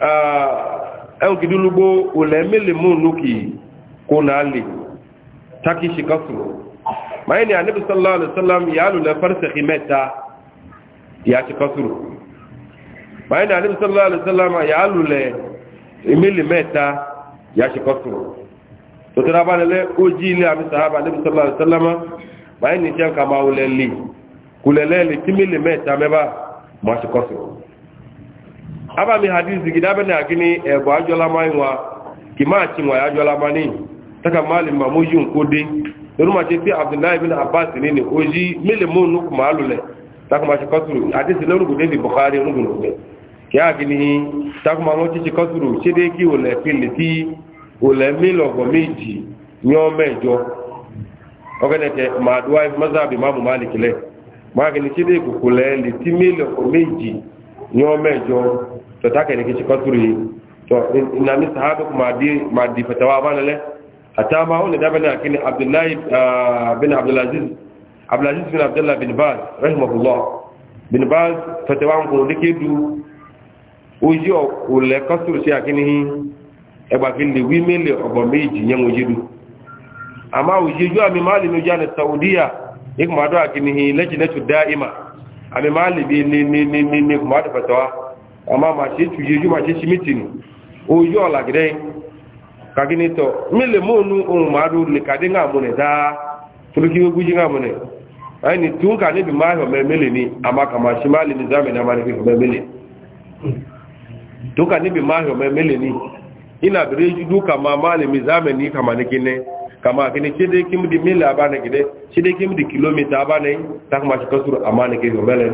Ah, ẹ̀kìdúlúgbó olẹ́ mẹ́lẹ̀ mọ́ọ̀nù kì kó náà lè tákì ṣe kásùrù máa ní àníbi sallallahu alaihi wasallam ìyáàlù lẹ fẹ́rẹ́sẹ̀kì mẹ́ta ìyá ṣe kásùrù máa ní àníbi sallallahu alaihi wasallam ìyáàlù lẹ mẹ́lẹ̀ mẹ́ta ìyá ṣe kásùrù tòtòrò abánilẹ́ ó ilé àmì sàhábà àníbi sallallahu alaihi wasallam máa ní ìṣẹ́ kàmáwó lẹ́ lè kùlẹ̀lẹ́ lè tí mẹ́lẹ̀ mẹ́ta mẹ́bà máa ṣe kásùrù aba mi hadisi gida bene akini ebo ajola mai wa kima chi wa ajola mani taka mali mamujun kode norma ce fi abdullahi ibn abbas ne ne oji mele mo nu kuma alule taka ma shi kasuru hadisi ne rubu dai bukhari rubu ne ke akini taka ma mo chi kasuru che de ki ole pili ti ole mi logo meji nyo mejo ogenete ma duwa mazhabi mamu malik le ma akini che de ku kule ti mele o meji nyo mejo to ta kai ne kici kasuri to ina mi sahaba kuma di ma di fatawa bana le hatta ma wani da bana kin abdullahi ah, bin abdulaziz abdulaziz bin abdullah bin baz rahimahullah bin baz fatawa ko dike du oji o le kasuri si akini e ba kin le wi mele obo meji yen oji du amma oji ju ami mali mi jana saudiya ikma do akini lejinatu daima ami mali bi ni ni ni ni kuma da fatawa ama ma ṣe tu yeju ma simiti ni mítìnì ojú ọ̀la gidẹ́ kagini tọ mílẹ̀ mọ́nu ohun máa dùn ní kàdé ńà múnẹ̀ dáa torókí gbogbo jí ńà múnẹ̀ ayi ni tún ká níbi máa hàn mẹ́mẹ́lẹ̀ ni àmà kà máa ṣe máa lè ní zámi ní amáríkì hàn mẹ́mẹ́lẹ̀ tún ká níbi máa hàn mẹ́mẹ́lẹ̀ ni ina bẹ̀rẹ̀ dúdú kà máa máa lè ní zámi ní kà máa ní kíní kà máa kíní ṣédé kí mu di mílẹ̀ abánigidẹ́ ṣédé kí mu di kìlómítà abánigidẹ́ tá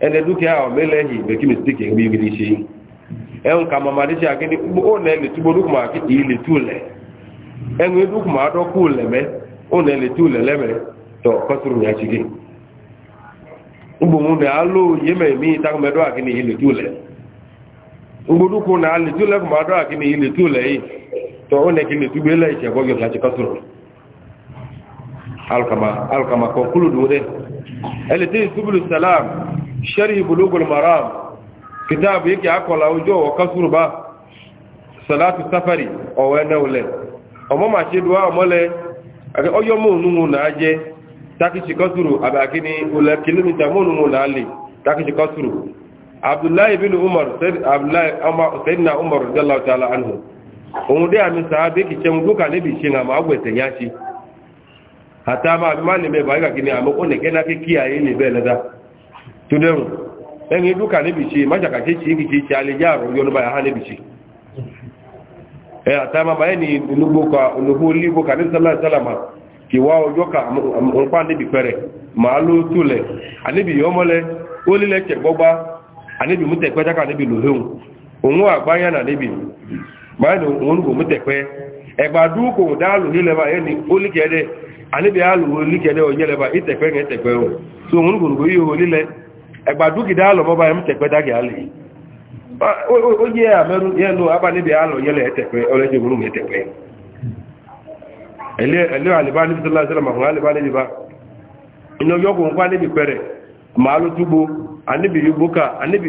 ẹni dúkìá ya ìgbẹ́kí mistake ń gbígbé ṣe ẹ̀hún ka mama dé ṣe àgídí ó nà ẹ̀lẹ̀ túbọ̀ dúkùmọ̀ àti ìlẹ̀ tú lẹ̀ ẹ̀hún dúkùmọ̀ àdọ́kù lẹ̀mẹ́ ó nà ẹ̀lẹ̀ tú lẹ̀ lẹ́mẹ́ tọ̀ kọ́sùrù yà ṣìgé ngbòmù nà aló yémẹ̀ mí takùmẹ́dọ́ àgíní ìlẹ̀ tú lẹ̀ ngbòdúkù nà alẹ̀ tú lẹ̀ sharhi bulugul maram kitabu yake akola ujo wa kasurba salatu safari owe neule omo ma se duwa omole ake oyo na aje taki kasuru abi akini kilomita ali taki kasuru abdullahi ibn umar sayyid abdullahi amma sayyidina umar radiyallahu ta'ala anhu ohun dé àmì sàábé kìí ṣẹun dúkà níbi ìṣe àmà àgbẹ̀tẹ̀ yá ṣe àtàmà tunẹrun ẹni dúkà níbi ṣe májàkà ṣe ṣe kìí ṣe alẹ́jẹ́ àrùn yọnu báyà hàn níbi ṣe ẹ àtàmà báyẹ̀ ní olúgbókà olùgbó olúgbókà ní sálà sálàmà kì wá ọjọ́ ka nǹkan níbi pẹ̀rẹ̀ màá ló túlẹ̀ àníbi yọmọlẹ̀ ó lílẹ̀ tẹ̀ gbọ́gbá àníbi mú tẹ̀pẹ́ jákà níbi lòhùn òun àgbáyà nà níbi báyẹ̀ ní òun kò mú tẹ̀pẹ́ ẹ̀gbà dúkò dá lòhìlẹ̀ báyẹ̀ ní olíkẹ́dẹ̀ àníbi alùwò olíkẹ́dẹ̀ bá ìtẹ̀pẹ́ ń egba dugide alụ mọba ya m chekweta gị alụ onye ya merụ elu abalị bịa alụ nyela etekwe oleje gwuru m etekwe ele alibani bidola ma ọgwụ nkwa anibi kwere ma alụtugbo anibi ugbo ka anibi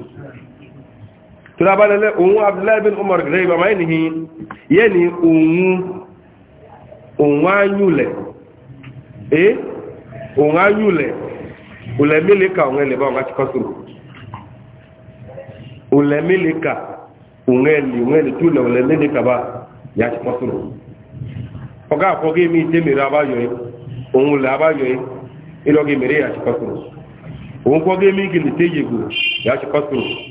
turabalẹ̀lẹ̀ òun abdullahi bin umar gẹ̀rẹ́gbà máa ní yẹ́ ni òun áyúlẹ̀ eh òun áyúlẹ̀ òlẹ̀mílẹ̀ka òun ẹlẹ̀ bá wọn láti kọ́sùrù òlẹ̀mílẹ̀ka òun ẹlẹ̀ òun ẹlẹ̀ tó lẹ̀ òlẹ̀mílẹ̀ka bá yà ti ọgá mi yìí òun yìí yà ti òun mi yà ti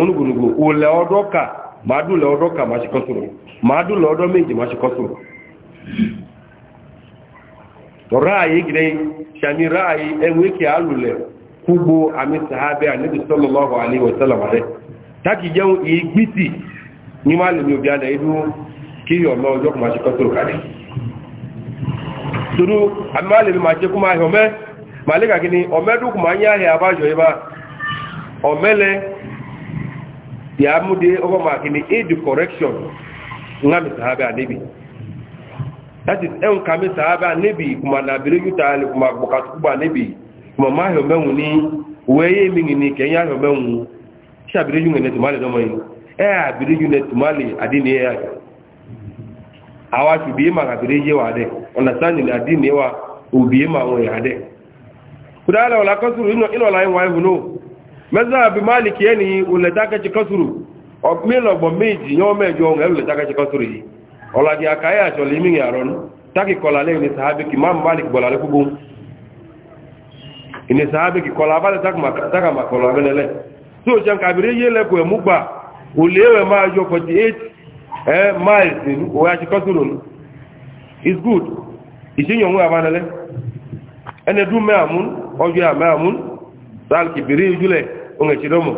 onugunugu ulẹ̀ ọdọ́ ka máa dúlẹ̀ ọdọ́ ka máa ṣe kọ́ sọ̀rọ̀ máa dúlẹ̀ ọdọ́ méjì máa ṣe kọ́ sọ̀rọ̀ ráàyè gidẹ ṣàmì ráàyè ẹwẹ́ kí a lulẹ̀ kúgbó àmì sàábẹ́ àníbi sọ́lọ́lọ́wọ́ àlẹ́wọ̀ sọ́lọ́wọ́ rẹ̀ táàkì jẹun ìgbìtì ní máa lè ní obì alẹ́ inú kí ọmọ ọjọ́ kò máa ṣe kọ́ sọ̀rọ̀ kalẹ̀ torí àmì máa lè máa ṣe kó máa hẹ̀ ọmẹ́ màlẹ́kà kí ni ọmẹ́dùkù máa ń yá hẹ̀ abájọ yìí ọmẹ́lẹ́ di amude ogo ma kini aid correction ngami sahaba nabi that is en kami sahaba nabi kuma na yuta ali kuma bukatu kuma ma he omewu ni e, ni tumale a bere tumale ya awa ma ga bere ye wa de understand ni adini wa obi ma wo ya de kudala wala mazhab maliki yani uletaka chikasuru milo bo meji yo mejo on uletaka chikasuru yi ola di akaya cho limi yaron taki kola le ni sahabi ki mam malik bola le kubu ni sahabi ki kola bale tak ma taka ma kola bele le so jan kabire ye le ko miles ni is good isinyo mu abanele ene du me amun ojo amun sal ongechiri ụmụ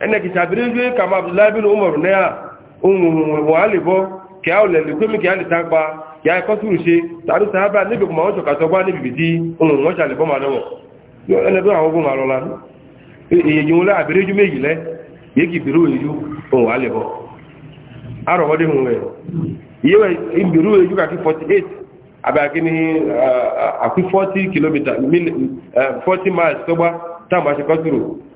enekichabiri e, e, ju ka ma abdulahi bin umar na ya ụmụalibọ ka a ụlelikwemi ka ya leta a ya ekọtụrụchi tarụta ha ba nebekwu ma ọchọ kata ọgba nebibi di ụmụ nwacha alibọ ma dọwọ ẹnẹbí àwọn ogun àrọ̀lá èyí ye láàbẹ̀rẹ̀ jú méjì lẹ́ yégi bèrè òyìnjú ohun alẹ́bọ̀ arọ̀wọ́dé hun rẹ̀ yíwẹ̀ ìbèrè òyìnjú kàkí 48 40 km 40 miles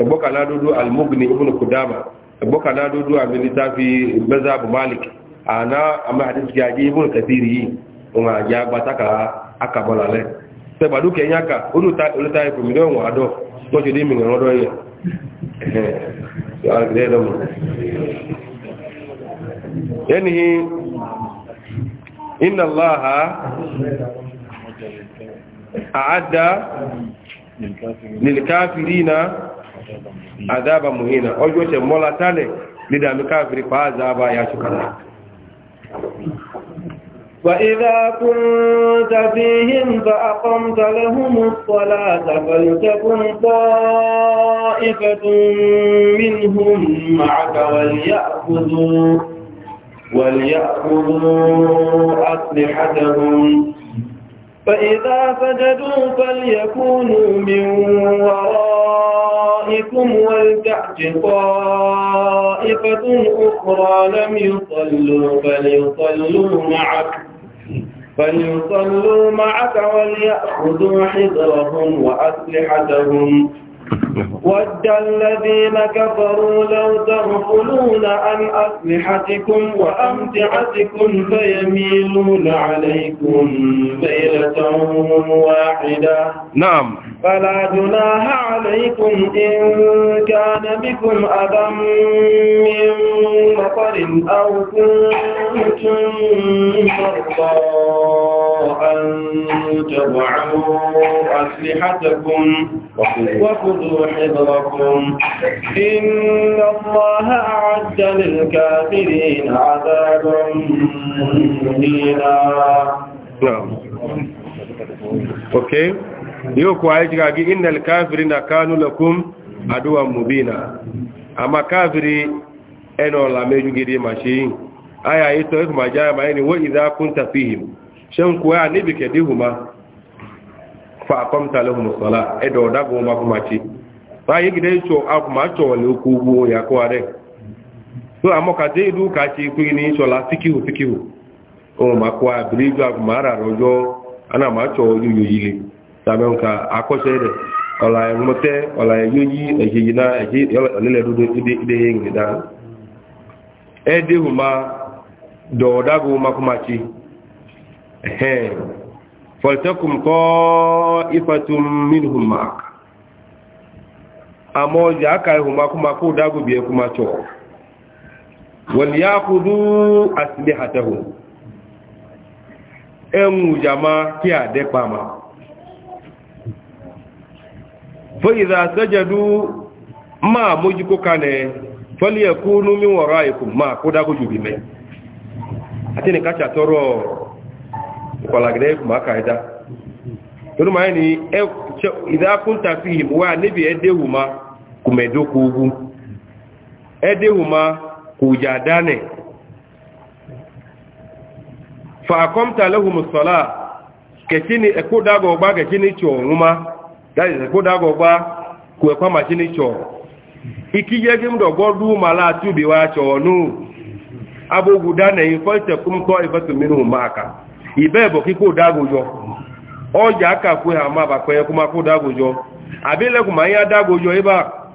ẹgbọ́ka ládúdú almugni ibn kudama ẹgbọ́ka ládúdú àmìlítà fi mazhab malik àná àmì àdísìkì ajé ibn kathiri yìí wọn àjẹ́ agbátákà akàbọ̀lálẹ̀ sẹ́gbàdú kẹyìn àkà olùta ẹ̀kọ́ mílíọ̀nù àádọ́ tó ṣe dé mìíràn ọdọ́ yẹn yẹni inna allaha a'adda lil kafirina azaba muhina ọjọ́ tẹ mọ́lá tánẹ̀ lídàmí káàfiri pa azaba ya ṣùkànà وإذا كنت فيهم فأقمت لهم الصلاة فلتكن طائفة منهم معك وليأخذوا, وليأخذوا أسلحتهم فإذا سجدوا فليكونوا من وراء ورائكم ولتأت طائفة أخرى لم يصلوا فليصلوا معك فليصلوا معك وليأخذوا حذرهم وأسلحتهم ود الذين كفروا لو تغفلون عن أسلحتكم وأمتعتكم فيميلون عليكم ليلة واحدة نعم فلا جناح عليكم إن كان بكم أذى من مطر أو كنتم مرضى أن تضعوا أسلحتكم وخذوا حذركم صدركم إن الله أعد للكافرين عذابا مهينا نعم أوكي yoko aiki ga innal kafirina kanu lakum aduwan mubina amma kafiri eno la meju gidi mashi aya ito ikuma jaya ma yani wa idha kunta fihim shan kuwa ni bike dihuma fa aqamta lahum as-sala edo dago ma kuma báyé gidẹ́ ìṣọ́ akùnmá ṣọ̀wọ̀lẹ̀ a owó ìyàkọ́ rẹ̀ tó àmọ́kàtí ìlú kàṣe pé ní ṣọ́lá síkíhù síkíhù ohun makọ́ àbílẹ́jọ́ akùnmá ara rọjọ́ anàmá ṣọ̀wọ̀lẹ̀ yòyìlẹ̀ tàbí nǹka akọ́ṣẹ́ rẹ̀ ọ̀là ẹ̀mọ́tẹ́ ọ̀là ẹ̀yọ́yí ẹ̀ṣẹ̀ yìí náà ẹ̀ṣẹ̀ ọ̀lẹ́lẹ̀ dúdú ilé kọ́ àmọ́ ọjà aka ìhùnmakúnma kó dágòbí ẹkúnma tọ̀ wọ̀n ni a kú dú àtìlẹ̀ àtẹ̀hù ẹ̀hùn ìjàmá kí àdẹ́pa ma fún ìdá sẹ́jẹ̀dú máa mójú kó kanẹ̀ fọ́lí ẹ̀kú ní míwọ̀rá ẹkùn máa kó dágòjù bí mẹ́ àti ní káàkiri àtọ́rọ̀ ìkọ̀làgẹ̀dẹ́ ẹkùn máa kàídá torí máa ní ìdá kúntà kumedoko ugwu edehuma kuja dane fa akomta lahum sala kechini ekudago ogba kechini cho nwuma that is ekudago ogba kuekwa machini cho ikije gi mdo godu mala tubi wa cho nu abogu dane infalte kumko ifatu minu maka ibebo kiko dago jo oja aka kwe ha ma ba kwe kuma ko dago jo abile kuma ya dago jo iba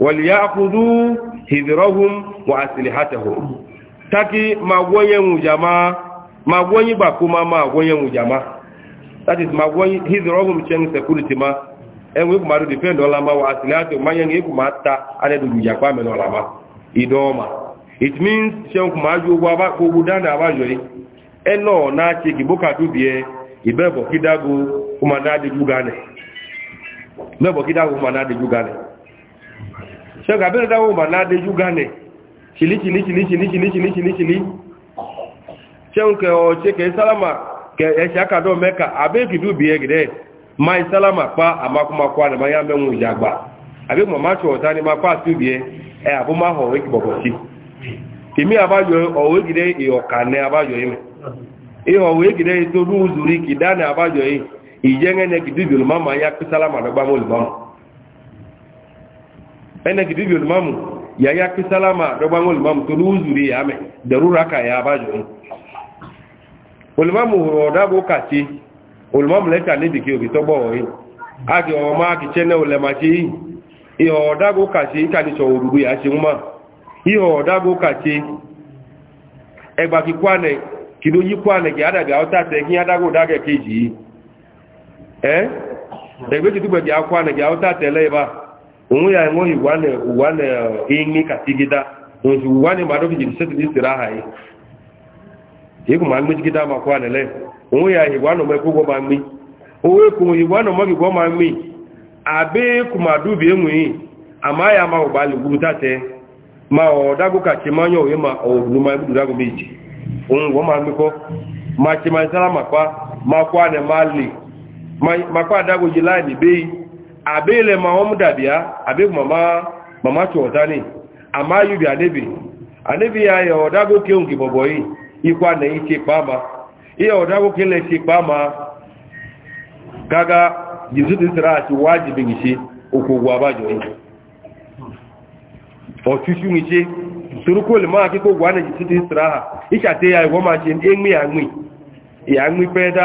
وليأخذوا ya وأسلحتهم تاكي ما غوين جما ما غوين باكوما ما غوين جما that is ma غوين هذرهم security ma enwe ma do depend on ma wa asilihatu ma yen eku ma ta ale du ya kwa me idoma it means chen kuma ju wa ba budanda ba jori eno na chi giboka tu bie ibebo kidago kuma na de jugane mebo kidago na de jugane sẹ́gbà abẹ́rẹ́ dáwọ́ bà náà déjú gánẹ̀ ṣìlíṣìlíṣìlíṣìlíṣìlíṣìlíṣìlí ṣẹ́un kẹ ọ̀ṣẹ́ kẹ sálámà kẹ ẹ̀ṣẹ́ àkàdọ̀ ma abẹ́kìdú pa àmàkùnmakọ́ àdàmà yá mẹ́wọ̀n ìjàgbà abẹ́kùn màmá ṣọ̀ ọ̀tá ene gidibi olumamu ya ya kisalama dogba ngo olumamu to luzuri ya me darura ka ya bajo olumamu oda bo kati olumamu leta ni dike obi to gbo yi age o ma ki chene ole ma chi i oda bo kati ka ni so orugu ya chi nma i oda bo kati egba ki kwane kido yi kwane ki ada ga ota te ki ada go dage keji eh egbe ti tugbe ki akwane ki ota tele ba onwe ya enweghị ụwa na-enye katigida otu ụwa na mmadụ jiri setịdị siri aha ya ịgụ ma mmejigide amakwa nele onwe ya igwe anọ mekwa ụgwọ ma mmi owe kwuwe igwe anọ mọgị gwọ ma abe kumadubi enweghị ama ya ama ụgbali gwurutate ma ọ dagụ ka chimanya owe ma ọwụrụ ma egbudu ma mmekọ ma chimanyetara makwa makwa mali makwa adagụ ji laịnị beyi abele ma wọn dàbíá àbí màmá tí a ní àmá yìí anebi ànébì ya yẹ ọ̀dágókè òǹkì bọ̀bọ̀ yìí ikú ànẹ̀yìn ti pàámà iye ọ̀dágókè lẹ ti pàámà gágá jìzútìsíra àti wájìbì ìṣe okòwò àbájọ ya ọ̀tútù ìṣe torúkú lè máa kíkó Ya ní jìzútìsíra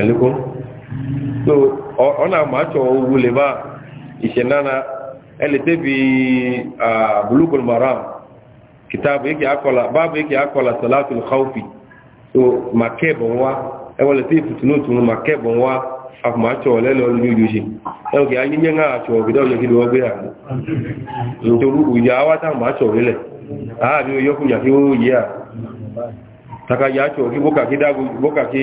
ẹ̀lẹ́kọ́ so ọ̀nà màátsọ̀ owó lè bá ìṣẹ̀nana ẹlẹ́tẹ́ bí bulukul maram kìtàbù yìí kì í akọ̀la báàbù yìí kì í akọ̀la sọ̀láàtù xawfi so màkẹ́ bọ̀ wá ẹwọ́n lẹ́tẹ́ ìfùtúnú tunu màkẹ́ bọ̀ wá àfùmàtsọ̀ lẹ́lẹ́ olójú yìí ẹwọ́n kì í ayé nyẹ́ ńlá àtsọ̀ òbídà òjò kìlọ̀ ọgbẹ́ yà nítorí ìyá wa tá màátsọ̀ rẹ̀ lẹ̀ àá bí yọkùnyà kí ó yẹ à takayà àtsọ̀ kí bókà kí dágò bókà kí.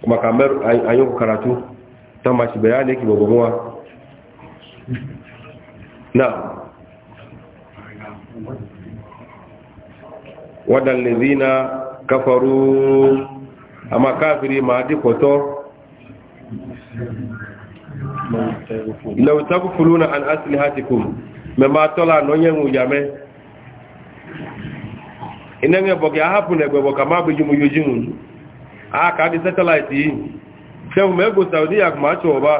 kuma kamar an yi karatu ta mashi bayani ki babamuwa na waɗanda zina kafaru amma kafiri ma dikoto lau tagfuru na an asili hatikun mai ma tola nonyen wujame ina ne boke a hapu na gbogbo kama bu jimu aka ah, di satellite yìí ṣẹ́wọ̀n mẹ́gbò saudi àkùnmá ṣọ̀ ọba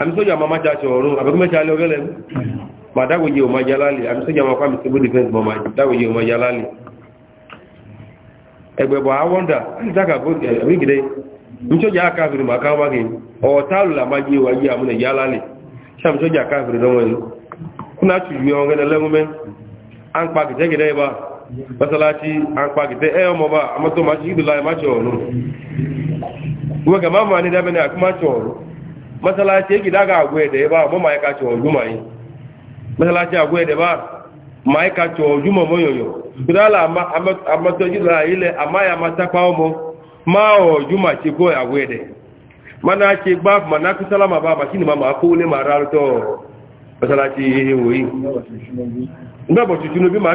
àmì sójà máa máa ṣe ọ̀run àbẹ́kùnmẹ́ ṣe alẹ́ ọgẹ́lẹ́ ma dáwòye ọmọ jalali àmì sójà máa kwàmì civil defense mọ́ ma dáwòye ọmọ jalali ẹgbẹ̀bọ̀ awọ́ndà ìtàkà àbígidẹ́ mṣọ́jà akáfìrì ma káwọ́ gẹ̀ ọ̀tálù là máa yé wa yé àmúnẹ̀ jalali ṣàmì sójà akáfìrì lọ́wọ́ yìí kúnà tùjú ọ̀gẹ́lẹ́ lẹ́gúnmẹ́ à ń pa kìtẹ́kìtẹ́ yìí masalaci an kpagite e ọmọ ba amato ma ṣigidu lai ma ṣe ọ̀run wọ́n gama ma ní dábẹ́ ní ma ṣe ọ̀run masalaci egi daga agwọ ẹ̀dẹ̀ ba ọmọ ma ẹka ka masalaci ba ma ẹka ama ma ma ọ̀run ma ṣe kó agwọ ẹ̀dẹ̀ mana ṣe ma ná kú sálámà ba ma ma ma ma masalaci ma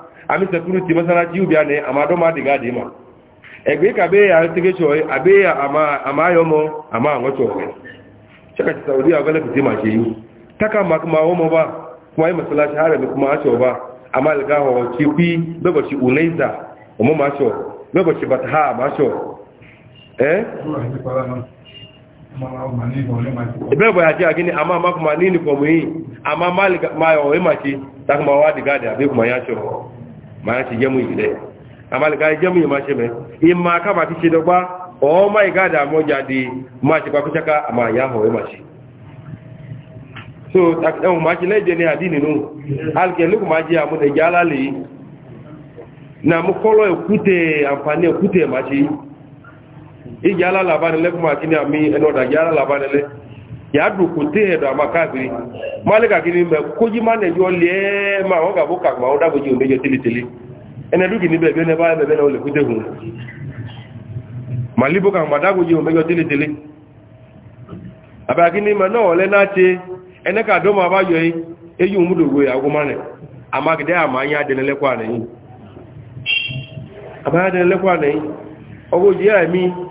ami security masalaci ubi ne amma don ma diga di ma egbe ka be ya tege choi abe ya ama ama yomo ama anwo choi chaka ci saudi agala fiti ma yi taka ma kuma wo mo ba kuma yi masalaci hare mi kuma acho ba amma alga ho ci bi bebo ci unaiza mo ma acho bebo ci batha ma acho eh ìbẹ́rẹ̀ bọ̀ àti àgíní a máa máa kùnmà ní ìnìkọ̀mù yìí a máa máa yọ̀ ìmàkí takùnmà wá dìgáàdì àbíkùnmà yá ṣọ̀rọ̀ máa ti jẹ́mú ìdẹ́ àmàlìkà jẹ́mú ìmá ṣe mẹ́ ìmá kábà ti ṣe dọ́gbá ọmọ ìgáàdà mọ́jáde máa ṣe pàkúṣáká àmà ìyáhọ̀ ẹmà so ẹ̀hùn máa ṣe lẹ́jẹ̀ ní àdí nínú alìkẹ̀lẹ́kù máa jẹ́ àmúnẹ̀ ìjà alálẹ̀ yìí na mú kọ́lọ̀ ẹ̀kútẹ̀ àǹfààní ẹ̀kútẹ̀ máa ṣe ìjà alálàbánilẹ́kùn àti ní àmì yàdù kò tẹ ẹ̀dọ̀ àmà káàkiri málíkà kí ni mẹ kójí má nẹjọ lẹ́ẹ̀ máa wọ́n gàbó kàgbà ó dábòjì òmẹjọ tẹ́lẹ̀tẹ́lẹ̀ ẹnẹ dúkì níbẹ̀ bí ẹnẹ bá ẹbẹ̀ náà lè kú tẹ̀hùn màlíbó kàgbà dábòjì òmẹjọ tẹ́lẹ̀tẹ́lẹ̀ àbàkí ni mẹ náà ọ̀lẹ́ náà ṣe ẹnẹ kà dọ́mọ abáyọ yìí eyín òmùdògbò àgọ́mánẹ̀ àmà yín àná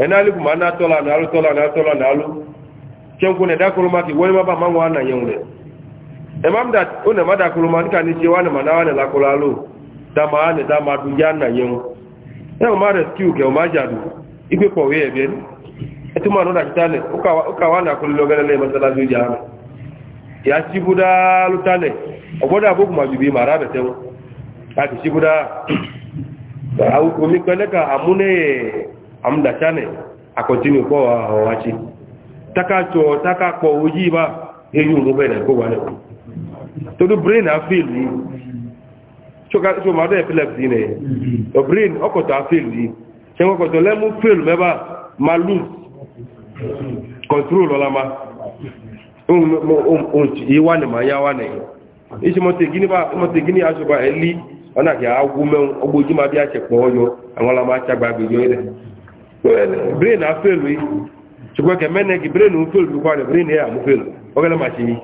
ẹni aliku ma na tọ́la na alu na alụ na alu kyẹ́nkú na ẹ̀dá koloma kì wọ́n ma ba ma wọn na yẹn wọlé e ẹ̀ma da na ma da koloma níka ni ṣe wà na wà alụ lakọlọ alu dama ní dama na yẹn ma rescue kẹ́ wọ́n ma jà dùn ikú pọ̀ wí ẹ̀bí ẹni ẹtú ma nọ́dà kíta lẹ̀ ó kà wà ní akọlọ lọ́gẹ́rẹ́ lẹ́yìn mọ́sálásí ojà rẹ̀ yà á ṣíbú dáa ló ta lẹ̀ ọ̀gbọ́dọ̀ àbókù ma bìbí màrá a amúdà chánẹ̀ àkọ̀tínú kọ́ ọ̀wáṣí takàtọ̀ takàpọ̀ ojí bá eyi òun bẹ̀rẹ̀ kó wà lẹ́kùn tó dú brain yìí epilepsy nẹ̀ ọ̀ mm-hmm. brain ọkọ̀tọ̀ yìí ṣe lẹ́mú fail mẹ́bà ma lose control ọlọ́mà ohun ìwà nìmá wà nẹ̀ a brain a fail yi ṣùgbọ́n kẹmẹ́ nẹ́gì brain ń fail lùkọ́ rẹ̀ brain yẹ́ àmú fail ọgẹ́lẹ́ máa ṣe yí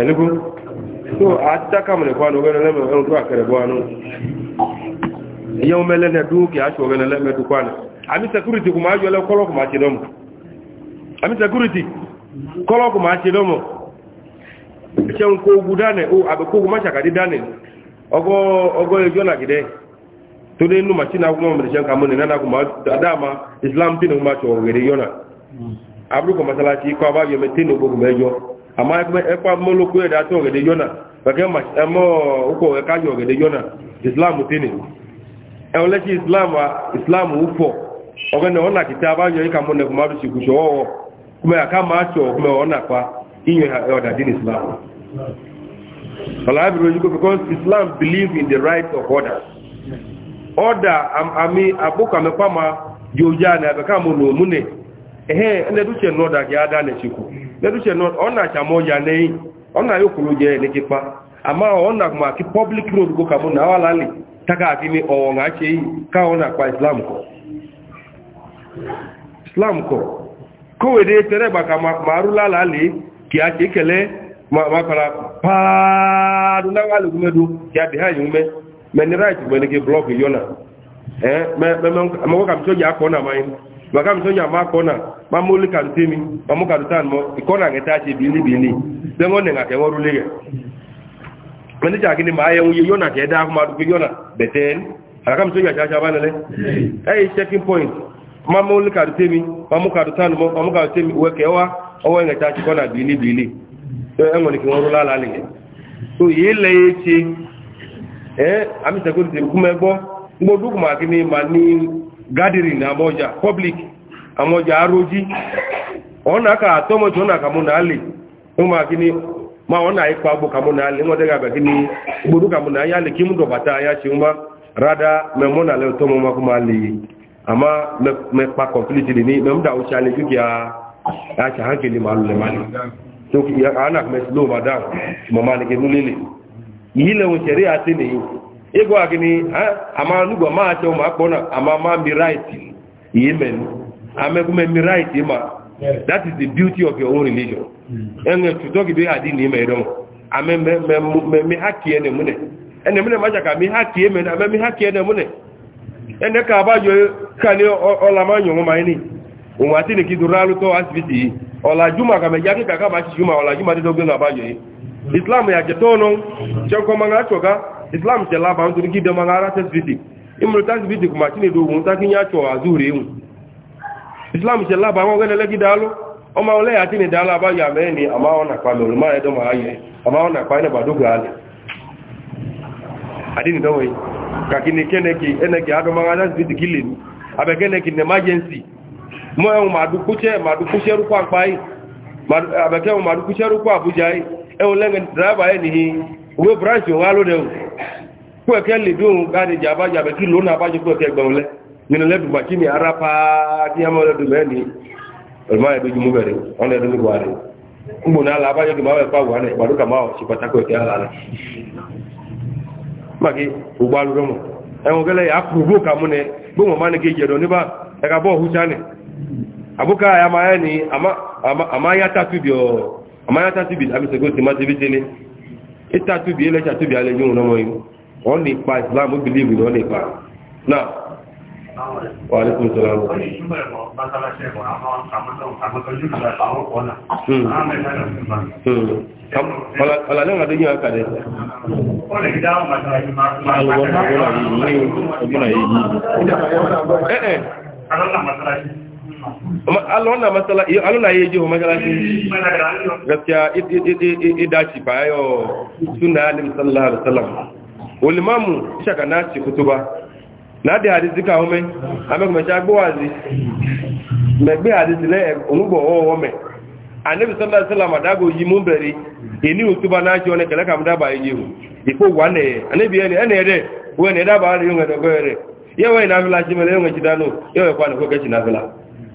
ẹ̀lẹ́gbọ́ tó àtàkàmùlẹ̀ kwánú ọgẹ́lẹ́ lẹ́mẹ̀ ẹ̀rùn tó àkẹrẹ̀ bọ́ anú ìyẹ́wọ́n mẹ́lẹ́ nẹ́ dúkìá ṣù ọgẹ́lẹ́ lẹ́mẹ̀ tó kwánú àmì security kò máa yọ lẹ́ kọ́lọ́kù máa ṣe lọ́mù àmì security kọ́lọ́kù máa ṣe lọ́mù ṣe ń kó ogun dánẹ̀ ó oh, àbẹ̀kó ogun má ṣàkàdé dánẹ̀ ọgọ́ ọgọ́ ẹjọ́ làgídẹ́ to dai nu maci na kuma mace ka mun nana kuma da dama islam din kuma to gare yona abru ko masalaci ko ba yo metin ko kuma yo amma kuma e kwa mo lokoye da to gare yona ba ke ma mo ko ka yo gare yona islam tin e eh, wala ci islam wa islam ufo o ga ne ona kitaba yo ka mun ne kuma du ci ku so oh, oh. kuma ka ma to kuma ona kwa inyo ya da eh, din islam Well, I believe because Islam believes in the right of others oda ami abuka mekwama jojane abeka munu mune ehe ne duche no da ya da ne chiku ne duche no ona cha ona yokuru je ne ona kuma ki public road go kamu taka atini o nga ona kwa islam ko islam ko kama marula lali ki ake kele ma ma para pa du na wala gumedu ya de yume mɛ ni right mɛ nege block yɔna ɛ mɛ mɛ mɛ mɔgɔ ka muso nya kɔna ma ye mɛ ka muso nya ma kɔna ma mɔli ka te mi ma mɔ ka ta mɔ kɔna ŋa taa se bili bili sɛŋɔ nɛ ŋa kɛ ŋɔru le kɛ mɛ ni jaaki ni maa yɛ ŋu ye yɔna kɛ daa kuma dugu yɔna bɛtɛɛni ala ka muso nya caca ba nɛlɛ ɛyɛ checking point ma mɔli ka te mi ma mɔ ka ta mɔ ma mɔ ka te mi wɛ kɛ wa ɔwɔ ŋa taa se kɔna bili bili ɛ ŋɔni kɛ so yɛ lɛ ye eh ami security kuma gbo gbo duku ma kini ma ni gathering na public amoja aroji ona ka tomo jona ka mo na le kuma kini ma ona ipa gbo ka mo na le ya le kimu do bata ya chi rada me mo na le ma kuma le ama me me pa completely ni ni to ki ya ana ka me slow madam mama ni ke nulele ihile nwe chere ya ate na iwu ịgwa ha ni ama nugbo ma achọ ma akpọ na ama ma miraiti ihe menu amegume miraiti ma that is the beauty of your own religion hmm. enwe chuto gị bụ ihe amemme hakie na emune ene mune mi hakie mene amemme hakie na islam ya jetono cheko manga choga islam chela ba ndu gide manga ara tasbiti imru tasbiti kuma chini do won takin ya cho azuri un islam chela ba ngene le gidalo o ma ole atini dala ba ya meni ama ona kwa lo ma edo ma aye ama ona kwa ina badugu ale adini do we kakini keneki eneki ado manga tasbiti kilini abekeneki ne emergency ni e ma du kuche ma du kuche ru kwa pa yi abeke ma du kuche ru kwa abuja yi ẹwọ lẹ́gbẹ̀ẹ́ dìrábà ẹ̀ nìyí owó branch òun alóde o kú ẹ̀kẹ́ lè dún òun káàdì jà abájọ àbẹ̀kí lónà abájọ kú ẹ̀kẹ́ gbọ̀n lẹ́ nínú lẹ́dùn bàtí ni ara paa tí a máa lẹ́dùn bẹ́ẹ̀ ni ọ̀lùmọ́ ẹ̀dùn jùmú bẹ̀rẹ̀ ọ̀nà ẹ̀dùn ní buhari ń gbọ̀n náà abájọ tó máa wẹ̀ pa wàhálẹ̀ wàdú kà máa ṣe pàtàkì ẹ̀kẹ́ ara rẹ̀ màkì ògbó alúgbó mọ̀ ẹ̀wọ̀n gẹ́lẹ́ yà á kú bó kà múnẹ ama ya tatubi amisogo ti ma ti bitele itatubi ele tatubi ale yi ŋun ɔmɔ yi wọn lè pa islam ó bilivu ni wọn lè pa na wa aleykum salaam. ọ̀la lẹ́yìn adé yín akadé. alùpùpù náà yìí. ẹ ẹ alona masala alona yeje magalati gaskiya idaci ba yo sunna alim sallallahu alaihi wasallam wal imam shaka naci kutuba na de hadisi ka home ame ko cha gbo wazi me gbe hadisi le onugbo o o me anabi sallallahu alaihi wasallam adago yi mun bere eni utuba na jo ne kala kam da ba yeje ifo wane anabi ene ene de we ne da ba ri yo ngado gore yewe na fila chimele yo ngachidano yewe kwa ne ko kachi na fila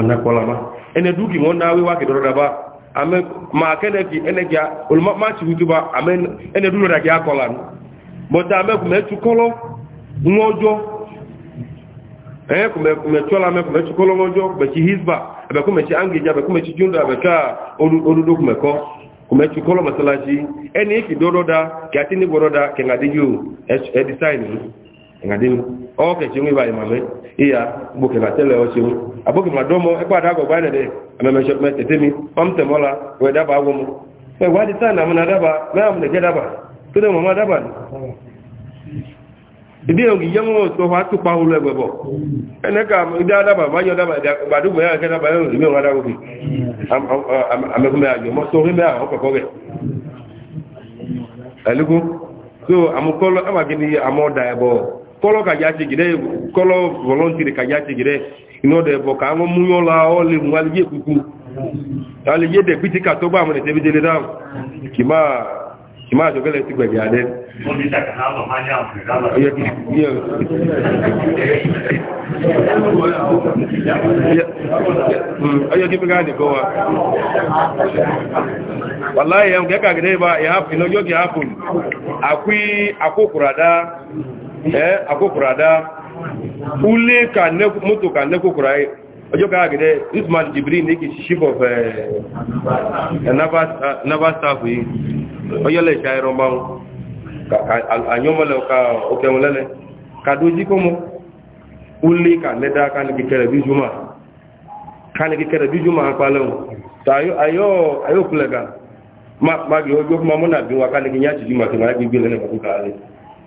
ọ̀nà kọlama ẹnẹ dúkì wọn náà wíwá kì dọ́rọ̀ dàbá ma kẹ́nẹ̀kì ẹnẹkì olùmọ́sí wùtúbà ẹnẹ dúró dàkì akọlà nù bọ́tà amẹ́kùnmẹ́tù kọ́lọ́ ńwọ́jọ́ ẹ̀kùnmẹ́tù ọ̀la amẹ́kùnmẹ́tù kọ́lọ́ ńwọ́jọ́ kùmẹ̀tì hisba ẹ̀bẹ̀kùnmẹ̀tì angija ẹ̀bẹ̀kùnmẹ̀tì júndà ẹ̀bẹ̀ká olódó kùmẹ̀kọ́ kùmẹ̀tù kọ́lọ́ mọ̀sálásí ẹni kì dọ́rọ̀ dà kì ngadin o chi ngi bai mame iya buke na tele o chi abuke ma domo e kwa dago bai ne de ame me shop me tetemi pam te mola we da ba wo mu e wa di sana da ba na mna ke da ba de mo ma da ba o gi wa tu pa egbe bo ene ka da ma yo da ba ba ya ke da ba yo mi da go am am am ko me mo so ri me a o kɔlɔ kadza tsigidɛ kɔlɔ volɔntiri kadza tsigidɛ de bɔ k'aŋɔ muyɔla ɔlɛ ŋu alidze kuku alidze dɛ kpiti katɔ gba amɛ nɛtɛ bi deli dam kìmá kìmá azɔkɛ lɛ tigbɛ bia dɛ. ɔyɔ kí pika nìkɔ wa wàláyé ɛn ee eh, ada ule ka moto ka nne kwụkwụrụ anyị ọjọ́ ká gẹ̀dẹ̀ usman jibril ní kì í ṣíṣí bọ̀ fẹ́ naval staff yìí ọjọ́lẹ̀ ìṣà ẹran bá wọn àyọ́mọ́lẹ̀ ọ̀ka òkèwọ̀n ma kàdójí kó mọ́ ó lé kà lẹ́dá kánìkì kẹrẹ̀ bí jùmọ̀ kánìkì ti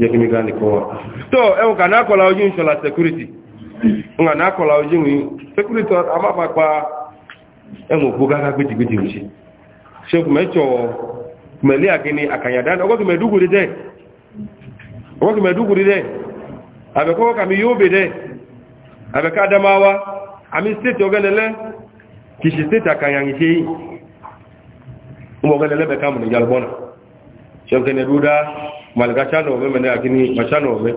jẹ́ kí ní gáà nìkan tó ẹwùn kà náà kọ́lá ojú ìṣọ́lá security ńgà náà kọ́lá ojú ìwìn security amápapá ẹwùn òkú gáà gbéjìgbéjì òṣì ṣe kùmẹ́tsọ̀ kùmẹ́lẹ́ àkíní àkànyàdá ọgọ́ kùmẹ́dúgùrì dẹ́ ọgọ́ kùmẹ́dúgùrì dẹ́ àbẹ̀kọ́ kàmí yóò bè dẹ́ àbẹ̀ká adamawa àmì state ọgẹ́lẹ́lẹ́ kì í ṣe state àkànyànyìn ṣe yìí ń malika chano ome mene akini machano ome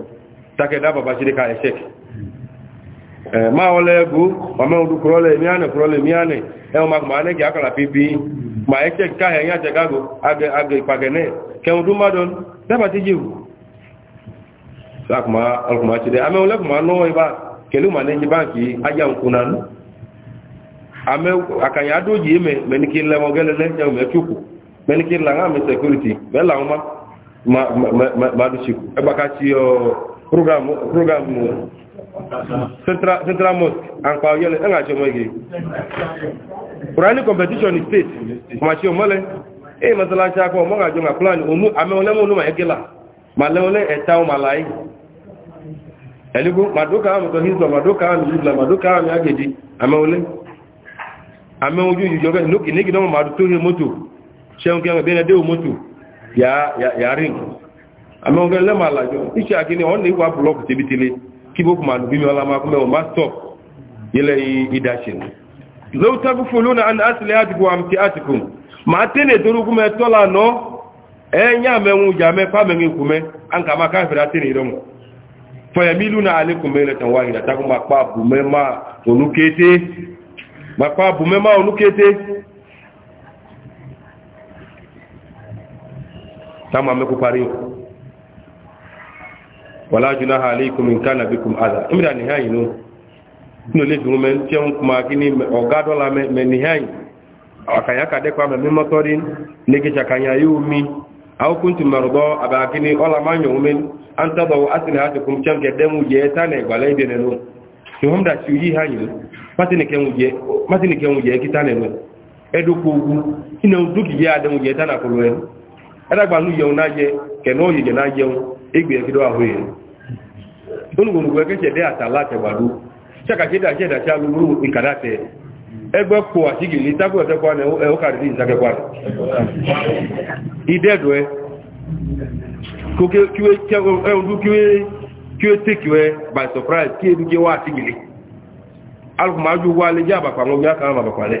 take da baba shiri ka eshek eh ma ole gu mama udu krole miane krole miane e o mag mane ki akala pipi ma eshek ka henya te gago age age pagene ke udu madon da ba tijiu sakma alkuma chide ame ole kuma no iba kelu mane ji banki aja nkunan ame akanya doji ime meniki lewo gelele ya umechuku meniki langa me security bela uma Ma, ma, ma, madusiku ebakaci programme central mosque anpa yele enga chomo igi qurani competition state ma chi omole e masala cha ko mo ga jo nga plan onu ame ole mo onu ma egela ma le ole eta o malai eligo maduka am to hizo maduka am ibla maduka am agedi ame ole ame oju ju jo ga nuki nigi no ma du to he moto se on ke be na de o moto ya ring àmì ọ̀gẹ́ lẹ́mà àlàjọ iṣẹ́ àkíní ọ̀nà ìwà búlọ́ọ̀kù tẹ́bítẹ́lẹ́ kí bó kùmà nùbí mi ọlá máa kúmẹ̀ wọ́n máa stop yẹlẹ̀ ìdáṣẹ́ lóò tábù fún lónà àná àtìlẹ́ àdìgbò àmì àtìkù máa tẹ́lẹ̀ torókú mẹ́ tọ́lá táwọn amẹ́kú parí wàlá jùlọ ha aléìkùn nǹkan nàbíkùn àdá ìmìdá nìhàn inú nínú lè dùn mẹ́rin tí ó ń kuma kí ní ọ̀gá dọ́là mẹ́ nìhàn àkàyàkàdẹ́kọ̀ àmẹ́ mímọ́tọ́rí nígbẹ̀ṣàkàyà yóò mi aw kuntum marḍā abakini ola ma nyumin an tadaw aslihatukum cham ke demu je tane gwalai de nenu humda ti yi hanyi matini ke muje matini ke muje kitane no edu kugu ina uduki je adamu je tana kulwe ẹ̀dàgbà ní yẹun náà jẹ kẹ̀nà òyìnjẹ náà jẹun égbè ẹ̀kídọ́ àwọn èèyàn olùgbòmùgbò ẹgbẹ́sẹ̀ dé àtàlá àtẹ̀wàdó ṣàkàṣẹ́dà ṣẹ́dà ṣe alúgbòrò ìkàdá tẹ ẹgbẹ́ kò àṣígì ní tábù ẹ̀kẹ́kọ́ ẹ̀hókàrí ní ìsákẹ́kọ́ rẹ̀ ìdẹ́ẹ̀dọ́ ẹ kí ó tèkì ẹ by surprise kí edu kí wá àṣígì lé alùpùpù máa ju wá lé jẹ́ àbàpà àwọn ọgbẹ́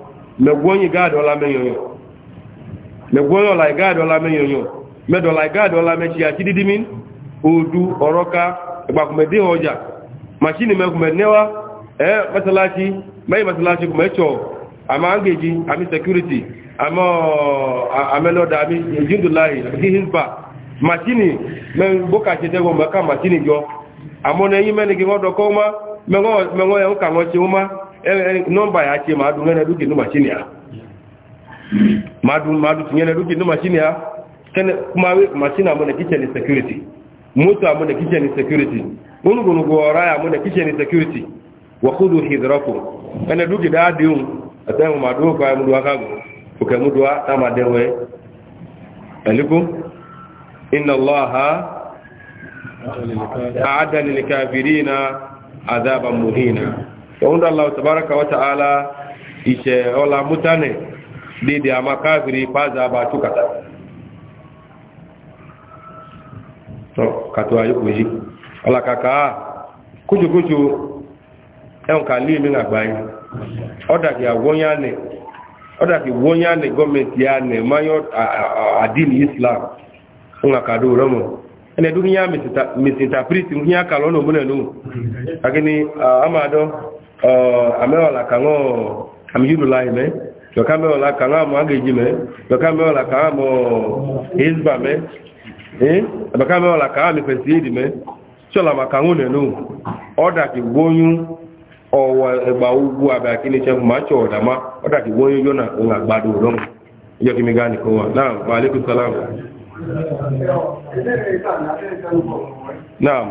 la mẹgbọnyi gáàdì ọlá mẹyọnyọ mẹgbọnyi ọlá gáàdì ọlá mẹyọnyọ mẹdọlá gáàdì ọlá mẹtsi àti dídí mi odu ọrọka ìgbàkùmẹdé ọjà màṣínì mẹkùmẹ nẹwa ẹ mẹsàlásì mẹyìn mẹsàlásì kùmẹ tsọ àmà àgèjì àmì sẹkúrìtì àmọ àmẹlọdà àmì ìjìndùláyì àti hìlpà màṣínì mẹ bókàtsi dẹgbọ mẹka màṣínì jọ àmọ nẹyìn mẹnigi wọn dọkọ wọn mẹwọn ẹwọn kà wọn tsi wọn Eh, eh, nomba ya ke madu ngana duki numa shine ya madu madu ma duki na duki numa shine ya kana kuma we machine mu na kitchen security mota mu na kitchen security unugo nugo raya mu na kitchen security wa khudhu hidrakum kana duki da diun atamu ma do ka mu do akago uka mu do ta ma dewe aliku inna allaha a'adda lil kafirina adhaban muhina yawon da Allah tabaraka wa ta'ala ishe ola mutane daidai a makafiri faza ba tukata to katuwa yi kuji ola kaka kuju-kuju ẹun ka lè min agbayi ọdaki wọ́nyá ni gọọmenti ya ni mayo adini islam fún àkàdó rọmọ ẹni ẹdún ní yá misintapriti ní yá kàlọ́nà òmìnà nù Uh, amewala kaŋɔ amiyirula yi mɛ dɔka mewala kaŋɔ amɔ ageji mɛ dɔka mewala kaŋɔ amɔ ezba mɛ ee eh? dɔka mewala kaŋɔ amifɛsi edi mɛ tsɔlama kaŋɔ nenu ɔdaki gbonyu ɔwɔ ɛgba ugu abe akini tsɛ kuma tsɔ ɔdama ɔdaki gbonyu yɔna ŋa gbado lɔn yɔkimi gani ko wa naam maaleykum salaam naam.